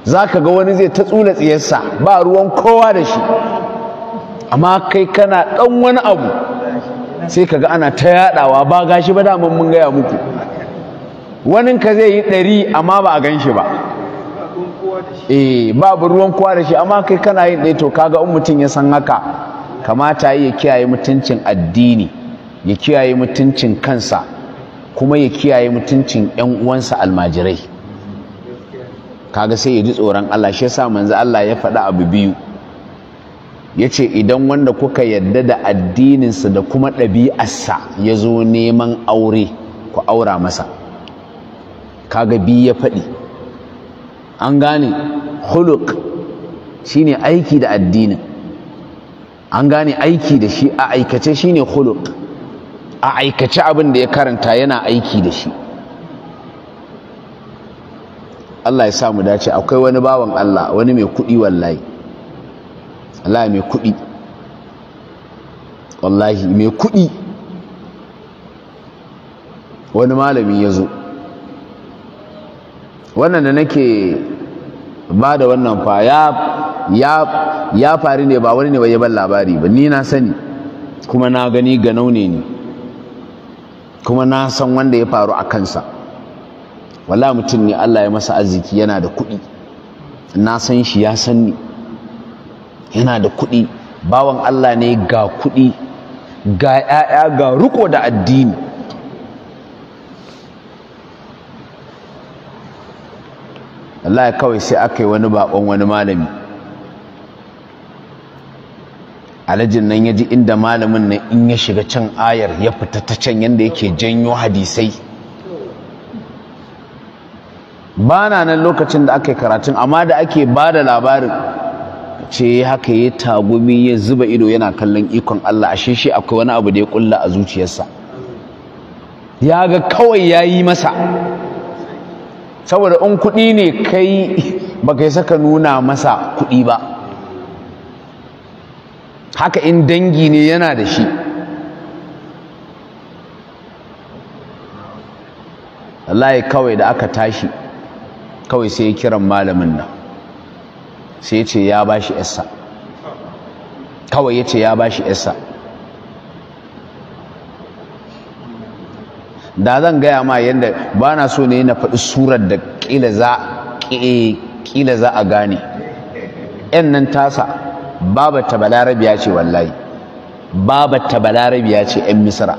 za ka ga wani zai ta tsula tsiyarsa ba ruwan kowa da shi amma kai kana ɗan wani abu sai ka ga ana ta yaɗawa ba gashi ba daman mun gaya muku wanin ka zai yi ɗari amma ba a gan shi ba eh babu ruwan kowa da shi amma kai kana yin ɗai to kaga in mutum ya san haka kamata ya kiyaye mutuncin addini ya kiyaye mutuncin kansa kuma ya kiyaye mutuncin 'yan uwansa almajirai kaga sai ya ji tsoron Allah shi yasa manzo Allah ya faɗa abu biyu yace idan wanda kuka yadda da addininsa da kuma ɗabi'arsa ya zo neman aure ku aura masa kaga bi ya faɗi an gane huluk shine aiki da addinin an gane aiki da shi a aikace shine huluk a aikace abin da ya karanta yana aiki da shi Allah ya sa mu dace akwai wani bawan Allah wani mai kuɗi wallahi Allah mai kuɗi wallahi mai kuɗi wani malami ya zo wannan da nake ba da wannan fa ya fari ne ba wani ne ba ya ban labari ba ni na sani kuma na gani ganau ne ni kuma na san wanda ya faru a kansa wala mutum ne Allah ya masa arziki yana da kuɗi na san shi ya san ni yana da kuɗi bawan Allah ne ga kuɗi ga ‘ya'ya ga riko da addini Allah kawai sai aka yi wani baƙon wani malami alajin nan ya ji inda malamin nan in ya shiga can ayar ya fita ta can yanda yake janyo hadisai ba na nan lokacin da aka yi karatun amma da ake ba da labarin ce haka ya tagumi ya zuba ido yana kallon ikon Allah ashe shi akwai wani abu da ya kulla a zuciyarsa ya ga kawai ya yi masa saboda in kuɗi ne kai ba kai saka nuna masa kuɗi ba haka in dangi ne yana da shi Allah kawai da aka tashi kawai sai kiran malamin nan sai ya ce ya ba shi yasa kawai ya ce ya ba shi yasa da zan gaya ma yadda ba na so ne na faɗi surar da ƙila za a gane yan nan tasa babata balarabiya ce wallahi babata balarabiya ce yan misira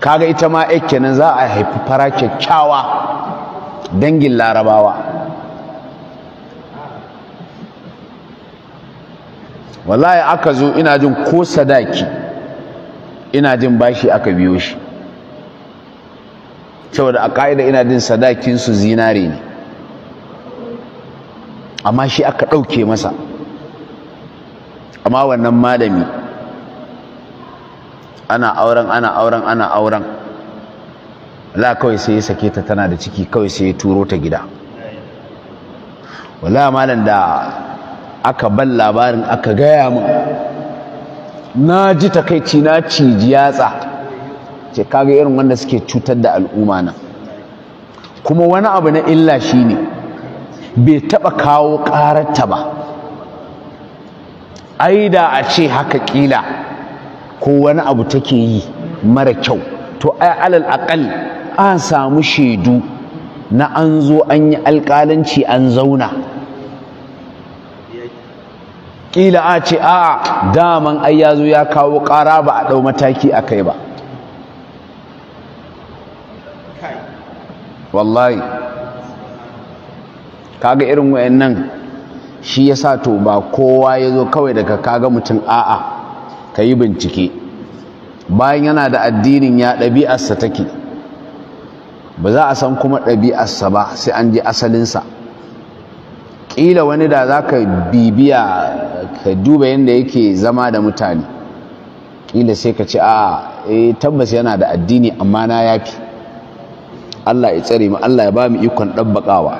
kaga ita ma ya kenan za a haifi fara kyakkyawa dangin larabawa wallahi aka zo ina jin ko sadaki ina jin bashi aka biyo shi saboda a ƙa'ida ina jin sadakin su zinare ne amma shi aka ɗauke masa amma wannan malami ana auren ana auren ana auren la kawai sai ya sake ta tana da ciki kawai sai ya turo ta gida wala malam da aka ban labarin aka gaya min na ji takaici na ciji yatsa ce kaga irin wanda suke cutar da al'umma na? kuma wani abu na illa shine bai taba kawo ƙararta ba ai da a ce haka kila ko wani abu take yi mara kyau to ai alal aqal an samu shaidu na an zo an yi alƙalanci an zauna ƙila a ce a daman ai ya zo ya kawo ƙara ba a ɗau mataki a kai ba wallahi kaga irin wayannan shi yasa to ba kowa ya zo kawai daga kaga mutum a'a ka yi bincike bayan yana da addinin ya ɗabi'arsa take ba za a san kuma ɗabi'arsa ba sai an ji asalinsa ƙila wani da za ka bibiya ka duba yadda yake zama da mutane ƙila sai ka ce a eh, tabbas yana da addini amma na yafi Allah ya tsare mu Allah ya ba mu ikon ɗabbaƙawa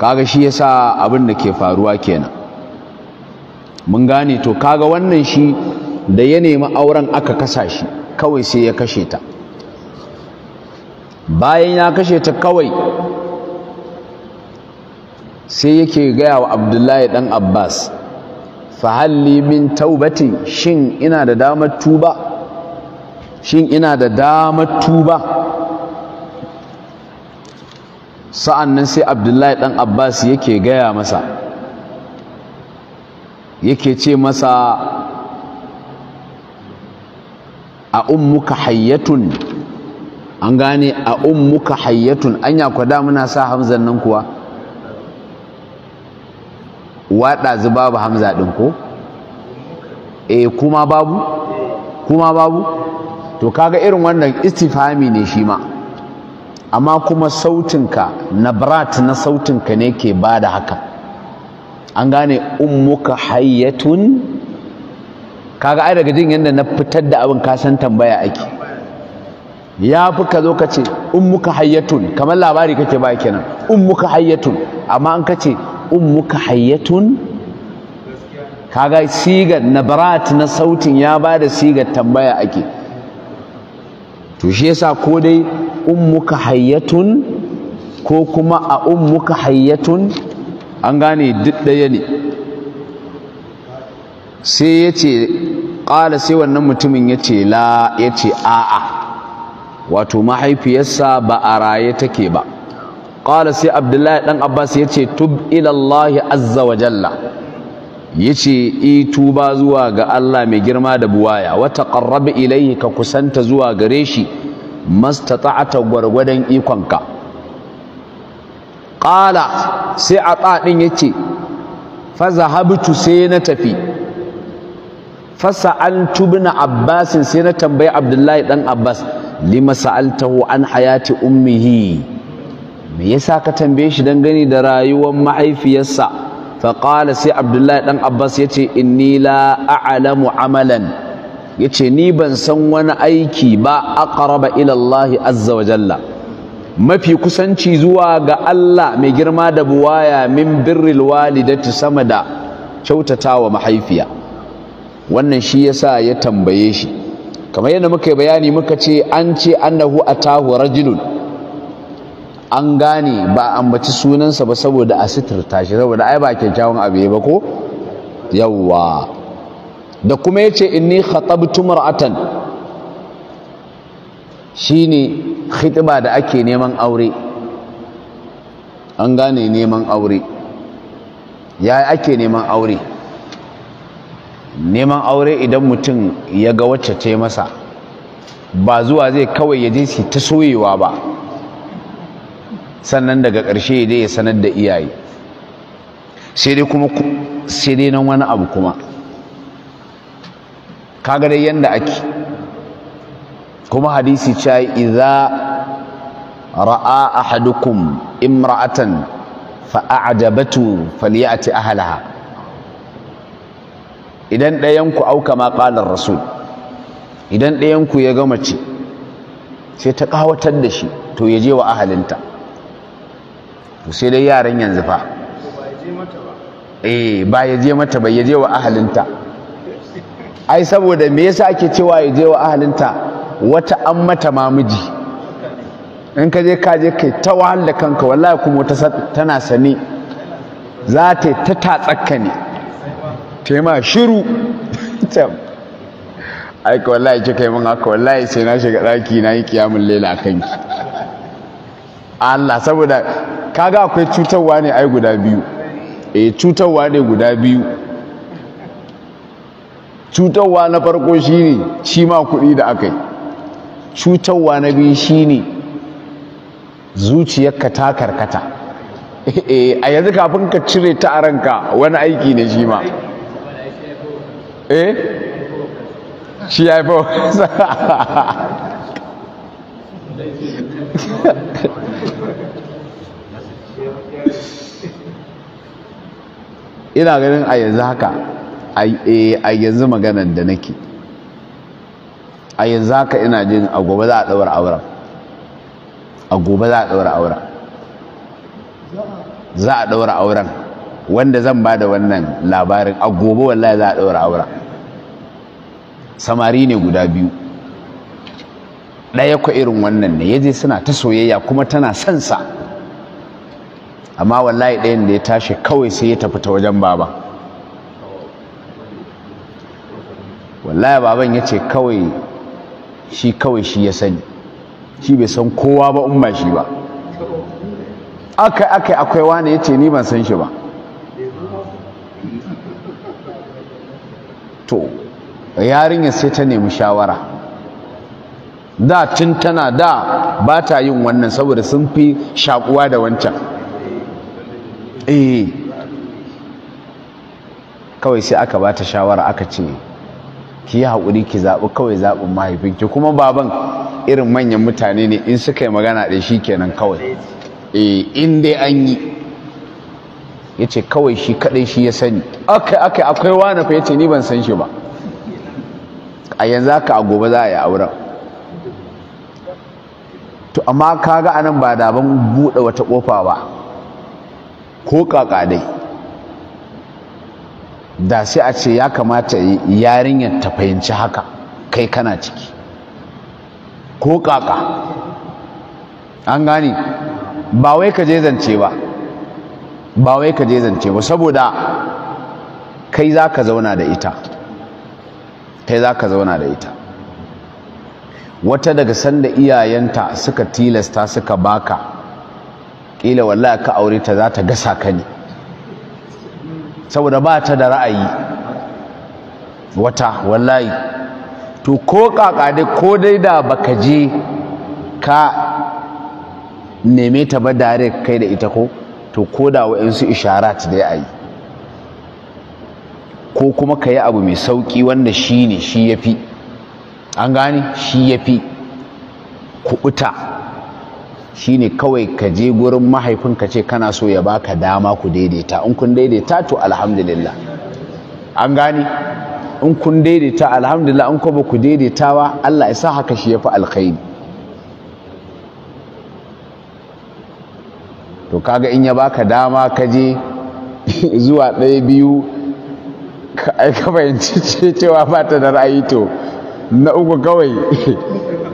kaga shi yasa abin da ke faruwa kenan mun gane to kaga wannan shi da ya nemi auren aka kasa shi kawai sai ya kashe ta bayan ya kashe ta kawai sai yake gaya wa abdullahi dan abbas fahalli min taubatin shin ina da damar tuba shin ina da damar tuba sa'an nan sai abdullahi dan abbas yake gaya masa yake ce masa a ummuka hayyatun an gane a ummuka hayyatun anya ku da muna sa hamzan nan kuwa waɗa zuba ba hamza ɗin ko e kuma babu kuma babu to kaga irin wannan istifami ne shi ma amma kuma sautinka na brat na sautinka ne ke bada haka an gane ummuka hayyatun kaga ai daga jin yanda na fitar da abin kasan tambaya ake ya fi ka zo ka ce ummuka hayyatun kamar labari kake ba kenan ummuka hayyatun amma an ka ce ummuka hayyatun kaga sigar na barat na sautin ya ba da sigar tambaya ake to shi yasa ko dai ummuka hayyatun ko kuma a ummuka hayyatun an gane duk ɗaya ne sai ya ce ƙala sai wannan mutumin ya ce la ya ce a'a wato mahaifiyarsa ba a raye take ba ƙala sai abdullahi ɗan abbas ya ce tub ilallahi azza wa jalla ya ce i tuba zuwa ga allah mai girma da buwaya wata ƙarrabi ilaihi ka kusanta zuwa gare shi ta gwargwadon ikonka ƙala sai a ɗaɗin yake faza habitu sai na tafi fasa an tubna abbasin sai na tambayi abdullahi ɗan abbas lima sa'altahu an hayati ummihi me yasa ka tambaye shi dangane da rayuwar mahaifiyarsa faƙala sai abdullahi ɗan abbas ya ce inni la a'lamu amalan ya ce ni ban san wani aiki ba aqraba ila Allah azza wa jalla mafi kusanci zuwa ga Allah mai girma da buwaya min birril walidati sama da kyautatawa mahaifiya wannan shi yasa ya tambaye shi kamar yadda muka yi bayani muka ce an ce annahu atahu rajulun an gane ba ambaci sunansa ba saboda a sitirta shi saboda ai ba kyakkyawan abu ba ko yawwa da kuma yace inni khatabtu mar'atan shine khitba da ake neman aure an gane neman aure ya ake neman aure neman aure idan mutum ya ga wacce ce masa ba zuwa zai kawai ya je ta soyewa ba sannan daga ƙarshe ya ya sanar da iyaye sai dai kuma sai dai nan wani abu kuma kaga dai ake kuma hadisi cewa iza. ra'a ahadukum imra'atan fa'a'jabatu falyati ahliha idan ɗayan ku auka ma qalar rasul idan ɗayan ku ya ga mace sai ta kawatar da shi to ya je wa ahalinta to sai dai yaran yanzu fa eh ba ya je mata ba ya je wa ahalinta ai saboda me yasa ake cewa ya je wa ahalinta wata an mata mamiji in ka je ka je kai ta wahala da kanka wallahi kuma wata tana sane za ta ta tatsakka ne ta ma shiru <laughs> aika wallahi ce kai mun haka wallahi sai na shiga daki na yi kiyamun lela a kanki Allah saboda kaga akwai cutarwa ne ai guda biyu eh cutarwa ne guda biyu cutarwa na farko shine shi ma kuɗi da aka yi cutarwa na biyu shine zuciyarka ta karkata <laughs> eh, a yanzu kafin ka cire ta a ranka wani aiki ne shi ma eh? <laughs> ina ganin a yanzu haka eh, a yanzu maganan da nake a yanzu haka ina jin a gobe za a ɗaura auren a gobe za a ɗaura auren za a ɗaura auren wanda zan ba da wannan labarin a gobe wallahi za a ɗaura auren samari ne guda biyu ɗaya kwa irin wannan ne ya je suna ta soyayya kuma tana son sa amma wallahi ɗayan da ya tashi kawai sai ya tafi ta wajen baba wallahi baban ya ce kawai shi kawai shi ya sani shi bai san kowa ba in ba shi ba aka aka akwai wani ya ce ni ban san shi ba to yarinya sai ta nemi shawara da tun tana da ba ta yin wannan saboda sun fi shakuwa da wancan eh kawai sai aka ba ta shawara aka ce ki yi haƙuri ki zaɓi kawai zaɓin mahaifinki kuma baban irin manyan mutane ne in suka yi magana da shi kenan kawai eh in dai an yi ya ce kawai shi kaɗai shi ya sani aka aka akwai wani fa ya ce ni ban san shi ba a yanzu haka a gobe za a yi auren to amma kaga anan ba da ban buɗe wata ƙofa ba ko kaka dai da sai a ce ya kamata yarinyar ta fahimci haka kai kana ciki ko kaka an gani ba wai ka je zance ba ba wai ka je zance ba saboda kai za ka zauna da ita kai za ka zauna da ita wata daga sanda iyayenta suka tilasta suka baka ƙila wallahi ka aure ta za ta gasa ka ne saboda ba ta da ra'ayi wata wallahi to ko kaka ko dai da baka je ka neme ta ba direct kai da ita ko to ko da wa'insu isharat dai ya yi ko kuma ka yi abu mai sauƙi wanda shi ne shi ya fi an gane shi ya fi kuɓuta shine kawai ka je gurin mahaifin ka ce kana so ya baka dama ku daidaita in kun daidaita to alhamdulillah an gane in kun daidaita alhamdulillah in kuma ku daidaita ba Allah ya sa haka shi yafi alkhairi to kaga in ya baka dama ka je <laughs> zuwa ɗaya biyu ka fahimci <laughs> cewa ba ta da ra'ayi to na uku kawai <laughs>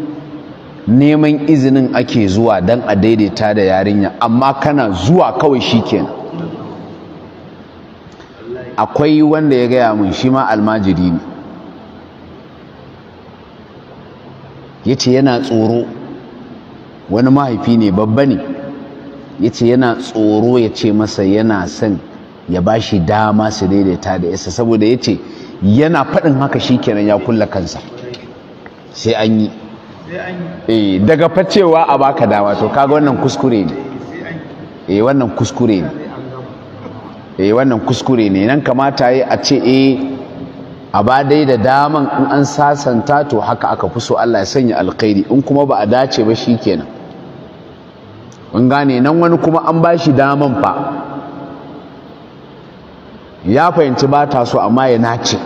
neman izinin ake zuwa don a daidaita da yarinya amma kana zuwa kawai shikenan akwai wanda ya gaya mun shi ma almajiri ne ya ce yana tsoro wani mahaifi ne babba ne ya ce yana tsoro ya ce masa yana son ya ba shi dama su daidaita da yasa saboda ya ce yana faɗin haka shikenan ya kulla kansa sai an yi eh daga facewa a baka dama to kaga wannan kuskure ne eh wannan kuskure ne eh wannan kuskure ne nan kamata yi a ce eh a ba dai da daman in an sasanta to haka aka fi so Allah ya sanya alkhairi in kuma ba a dace ba shikenan kun gane nan wani kuma an bashi shi daman fa ya fahimci ba ta so amma ya nace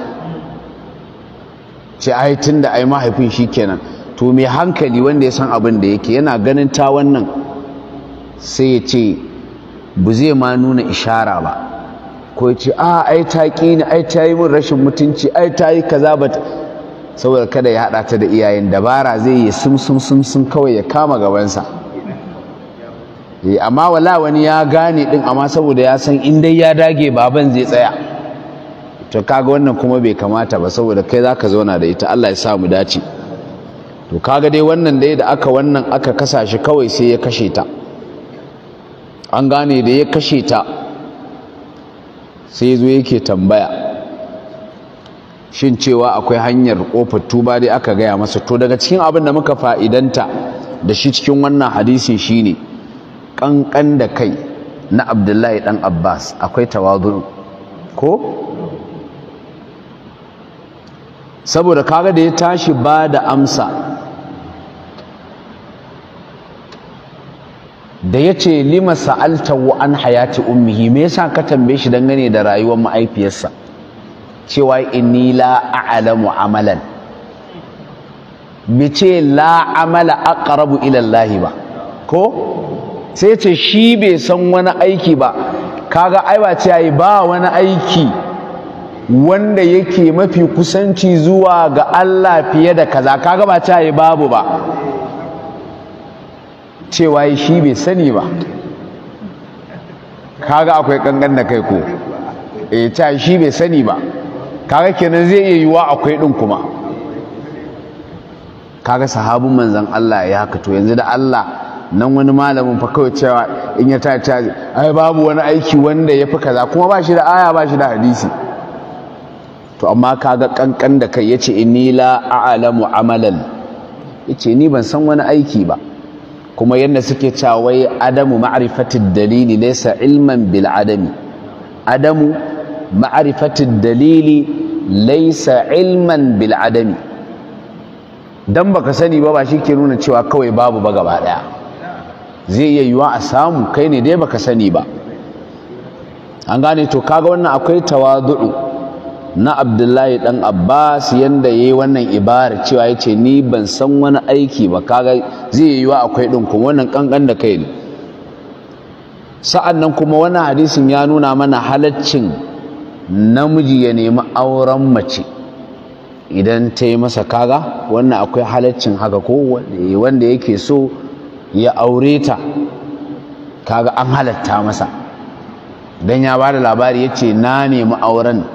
ce ai tunda ai mahaifin shikenan to mai hankali wanda ya san abin da yake yana ganin ta wannan sai ya ce bu zai ma nuna ishara ba ko ce a ah, ai ta ƙi ni ai ta yi min rashin mutunci ai ta yi kaza ba saboda kada ya haɗa ta da iyayen dabara zai yi sum sum sum sum kawai ya kama gabansa eh, amma wala wani ya gane din amma saboda ya san in dai ya dage baban zai tsaya to kaga wannan kuma bai kamata ba saboda kai za ka zauna da ita Allah ya sa mu dace to kaga dai wannan dai da aka wannan aka kasa shi kawai sai ya kashe ta an gane da ya kashe ta sai zo yake tambaya shin cewa akwai hanyar kofar tuba dai aka gaya masa to daga cikin abin da muka fa'idanta da shi cikin wannan hadisi shine kankan da kai na abdullahi dan abbas akwai tawadu ko saboda kaga da ya tashi ba da amsa da ya ce lima wa an hayati ummihi me yasa ka tambaye shi dangane da rayuwar ma'aifiyarsa cewa inni la a'lamu amalan bi ce la amala aqrabu ila Allah ba ko sai ce shi bai san wani aiki ba kaga ai ba ce ai ba wani aiki wanda yake mafi kusanci zuwa ga Allah fiye da kaza kaga ba ce ai babu ba cewa shi bai sani ba kaga akwai kangan da kai ko eh ta shi bai sani ba kaga kenan zai iya yiwa akwai din kuma kaga sahabin manzon Allah ya kato to yanzu da Allah nan wani malamin fa kawai cewa in ya tace ai babu wani aiki wanda ya fi kaza kuma ba shi da aya ba shi da hadisi to amma kaga kankan da kai yace inni la a'lamu amalan yace ni ban san wani aiki ba kuma yadda suke cawai adamu ma'arifatin dalili laisa ilman bil adami adamu ma'arifatin dalili laisa ilman bil adami dan baka sani ba ba shi ke nuna cewa kawai babu ba gaba daya zai iya yiwa a samu kai ne dai baka sani ba an gane to kaga wannan akwai tawadu'u na abdullahi dan abbas yanda ya yi wannan ibara cewa yace ni ban san wani aiki ba kaga zai yi wa akwai ɗin kuma wannan ƙanƙan da kai ne sa'an nan kuma wannan hadisin ya nuna mana halaccin namiji ya nemi auren mace idan ta yi masa kaga wannan akwai halaccin haka ko wanda yake so ya aure ta kaga an halatta masa Dan ya ba da labari ya ce na nemi auren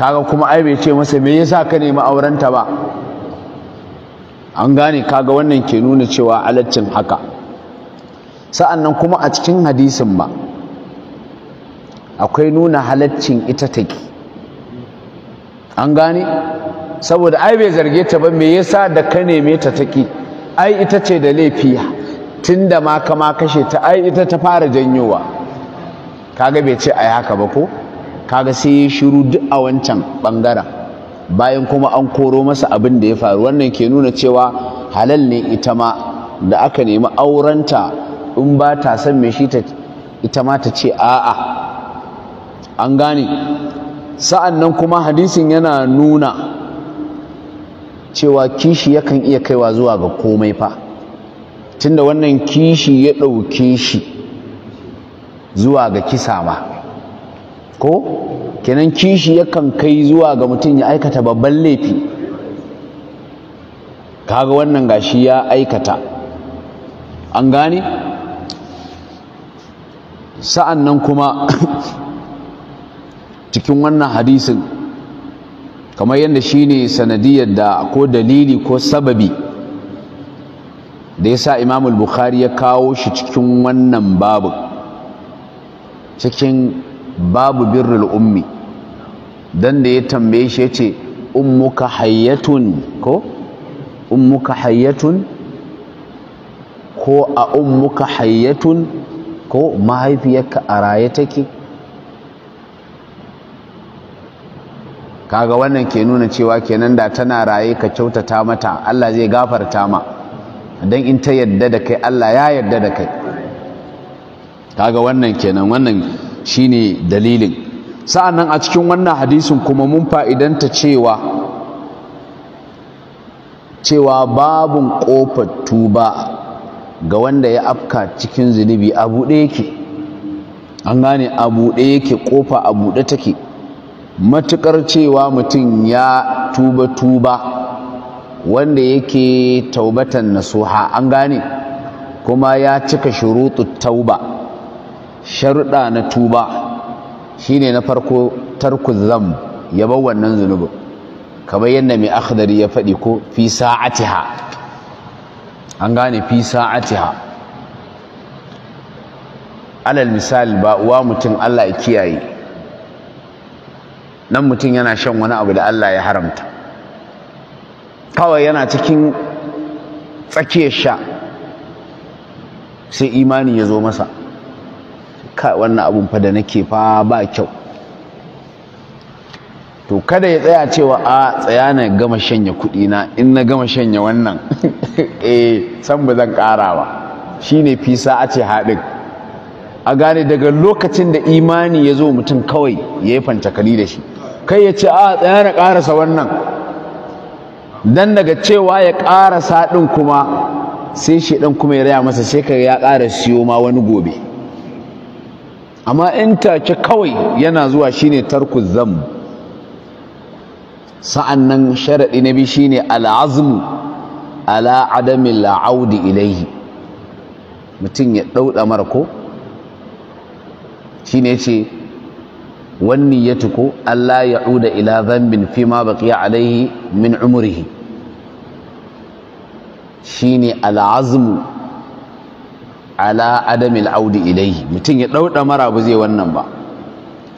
kaga kuma ai bai ce masa me yasa ka nemi aurenta ba an gane kaga wannan ke nuna cewa halaccin haka sa'annan kuma a cikin hadisin ba akwai nuna halaccin ita take an gane saboda ai bai zarge ta ba me yasa da ka neme ta take ai ita ce da laifi tunda ma ma kashe ta ai ita ta fara janyowa kaga bai ce ai haka ba ko kaga sai ya shiru duk a wancan bangaren bayan kuma an koro masa abin da ya faru wannan ke nuna cewa halal ne ita ma da aka nemi aurenta in ba ta son me shi ita ma ta ce a'a an gane sa'an nan kuma hadisin yana nuna cewa kishi yakan iya kaiwa zuwa ga komai fa tunda wannan kishi ya ɗauke shi zuwa ga kisa ma ko kenan kishi yakan kai zuwa ga mutum ya aikata babban laifi kaga wannan gashi ya aikata an gane sa'an nan kuma <coughs> cikin wannan hadisin kamar yadda shi ne sanadiyar da ko dalili ko sababi da ya sa imamul bukhari ya kawo shi cikin wannan babu cikin babu birrul ummi dan da ya tambaye shi yace ummuka hayyatun ko ummuka hayyatun ko a ummuka hayyatun ko mahaifiyarka a raye take kaga wannan ke nuna cewa kenan da tana raye ka kyautata mata Allah zai gafarta ma dan in ta yadda da kai Allah ya yadda da kai kaga wannan kenan wannan shine dalilin nan a cikin wannan hadisin kuma mun fa'idanta cewa cewa babun kofar tuba ga wanda ya afka cikin zunubi a buɗe yake an gane a buɗe yake ƙofa a buɗe take matuƙar cewa mutum ya tuba tuba wanda yake taubatan nasuha an gane kuma ya cika shurutu tauba sharuɗa na tuba shine na farko tarku zam ya wannan zunubin kamar yadda mai akhdari ya faɗi ko fi sa'atiha an gane fi sa'atiha alal misali ba uwa mutum Allah ya kiyaye nan mutum yana shan wani abu da Allah ya haramta kawai yana cikin tsakiyar sha sai imani ya zo masa ka wannan abun fa da nake fa ba kyau to kada ya tsaya cewa a tsaya na gama shanya kuɗi na in na gama shanya wannan <laughs> eh san ba zan ƙara ba shine fisa a ce haɗin a gane daga lokacin da imani ya zo mutum kawai ya yi fantakali da shi kai ya ce a tsaya na ƙarasa wannan dan daga cewa ya karasa din kuma sai shi ɗan kuma ya raya masa sai ka ya ƙara siyo ma wani gobe amma in take kawai yana zuwa shine tarku zam sa'an nan sharaɗi na shine al'azmu ala adami la'audi ilaihi mutum ya ɗauɗa mara ko shine ce wani ya Allah ya uda ila zambin fi ma baqiya alaihi min umrihi shine al'azmu ala adamil audi ilaihi mutum ya ɗauɗa mara ba zai wannan ba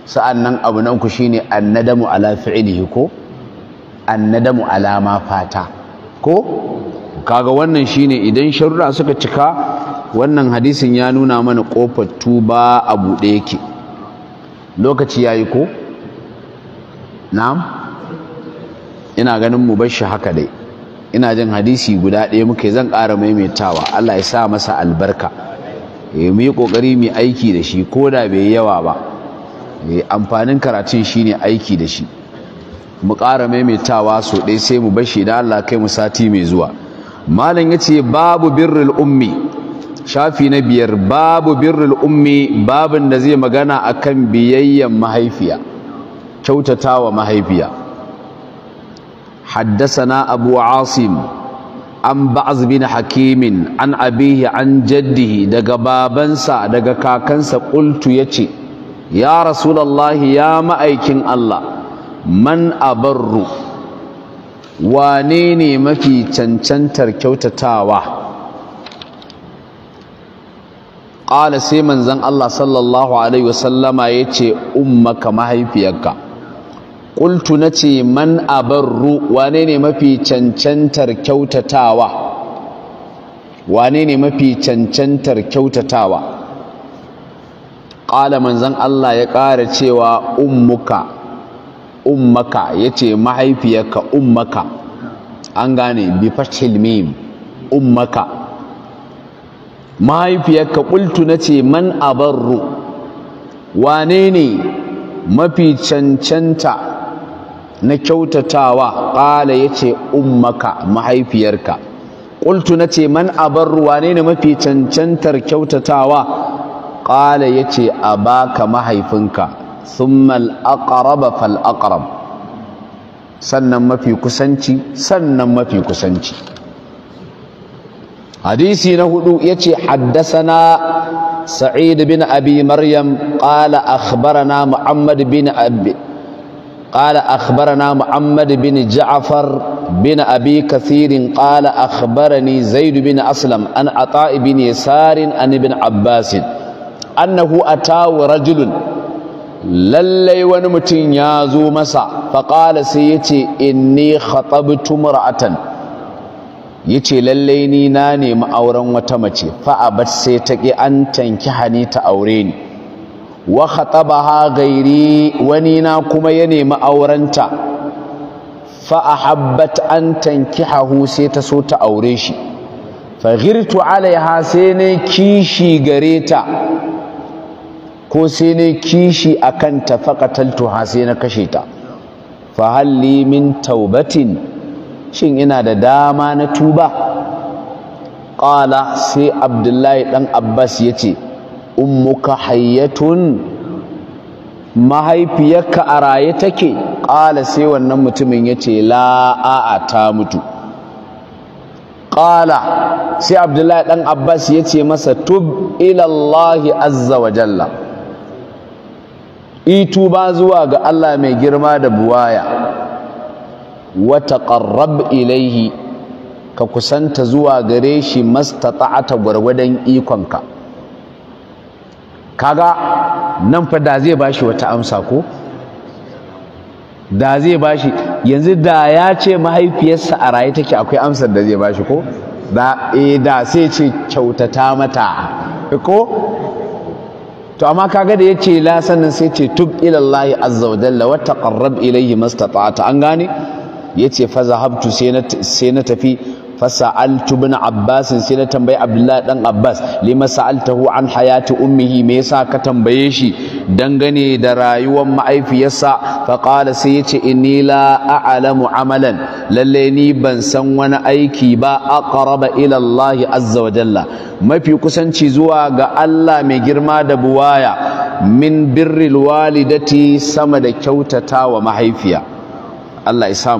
sa'an nan abu nan ku shine annadamu ala fi'ilihi ko annadamu ala ma fata ko kaga wannan shine idan sharura suka cika wannan hadisin ya nuna mana ƙofar tuba a buɗe yake lokaci yayi ko na'am ina ganin mu bar haka dai ina jin hadisi guda ɗaya muke zan ƙara maimaitawa Allah ya sa masa albarka Eh, mu yi ƙoƙari mu aiki da shi ko da bai yawa ba E, amfanin karatun shi ne aiki da shi mu ƙara maimaitawa so ɗai sai mu bashi da Allah kai mu sati mai zuwa malam ya ce babu birrul ummi shafi na biyar babu birrul ummi babin da zai magana akan biyayyan mahaifiya kyautata wa mahaifiya Haddasa na abu asim an ba'az bin hakimin an abihi an jaddihi daga babansa daga kakansa ya yace ya rasulallahi ya ma'aikin Allah man abarru wane ne mafi cancantar kyautatawa Ƙala sai manzon Allah sallallahu alaihi wasallama yace ummaka mahaifiyarka na ce man abarru wane ne mafi cancantar kyautatawa wane ne mafi cancantar kyautatawa ƙala manzan Allah ya ƙara cewa ummuka ummaka ce mahaifiyarka ummaka an gane bi mim ummaka mahaifiyarka na ce man abarru wane ne mafi cancanta na kyautatawa ƙala yace ummaka mahaifiyarka qultu nace man abar ruwa ne mafi cancantar kyautatawa Ƙala yace abaka mahaifinka thumma al-aqrab fal aqrab sannan mafi kusanci sannan mafi kusanci hadisi na hudu yace haddasana sa'id bin abi maryam ƙala akhbarana muhammad bin abi قال أخبرنا محمد بن جعفر بن أبي كثير قال أخبرني زيد بن أسلم أن عطاء بن يسار أن ابن عباس أنه أتى رجل للي ونمتين يازو مسا فقال سيتي إني خطبت مرأة يتي للي ناني مأورا وتمتي فأبت سيتكي أن تنكحني تأوريني wa khatabaha gairi wani na kuma ya nemi aurenta fa ahabbat an tankihahu sai ta so ta aure shi fa ghirtu alaiha sai ne kishi gare ta ko sai ne kishi akan ta ha sai na kashe ta fa halli min taubatin shin ina da dama na tuba qala sai abdullahi dan abbas yace ummuka hayyatun mahaifiyarka a raye take ƙala sai wannan mutumin ya ce la'a'a ta mutu ƙala sai abdullahi ɗan abbas ya ce masa tub ilallahi azza wa jalla itu ba zuwa ga allah mai girma da buwaya wata ƙarrab ilaihi ka kusanta zuwa gare shi mastata'ata gwargwadon ikonka kaga nan fa da zai bashi wata amsa ko da zai bashi yanzu da ya ce mahaifiyarsa a raye take akwai amsar da zai bashi ko da eh da sai ce kyautata mata ko to amma kaga da yace la sannan sai ce tub ila Allah azza wa jalla wa taqarrab ilayhi an gane yace fa zahabtu sai sai na tafi fasa'altu bin abbas sai na tambayi abdullahi dan abbas lima sa'altahu an hayati ummihi me yasa ka tambaye shi dangane da rayuwar ma'aifiyarsa fa qala sai yace inni la a'lamu amalan lalle ni ban san wani aiki ba aqraba ila Allah azza wa jalla mafi kusanci zuwa ga Allah mai girma da buwaya min birril walidati sama da kyautata wa mahaifiya Allah ya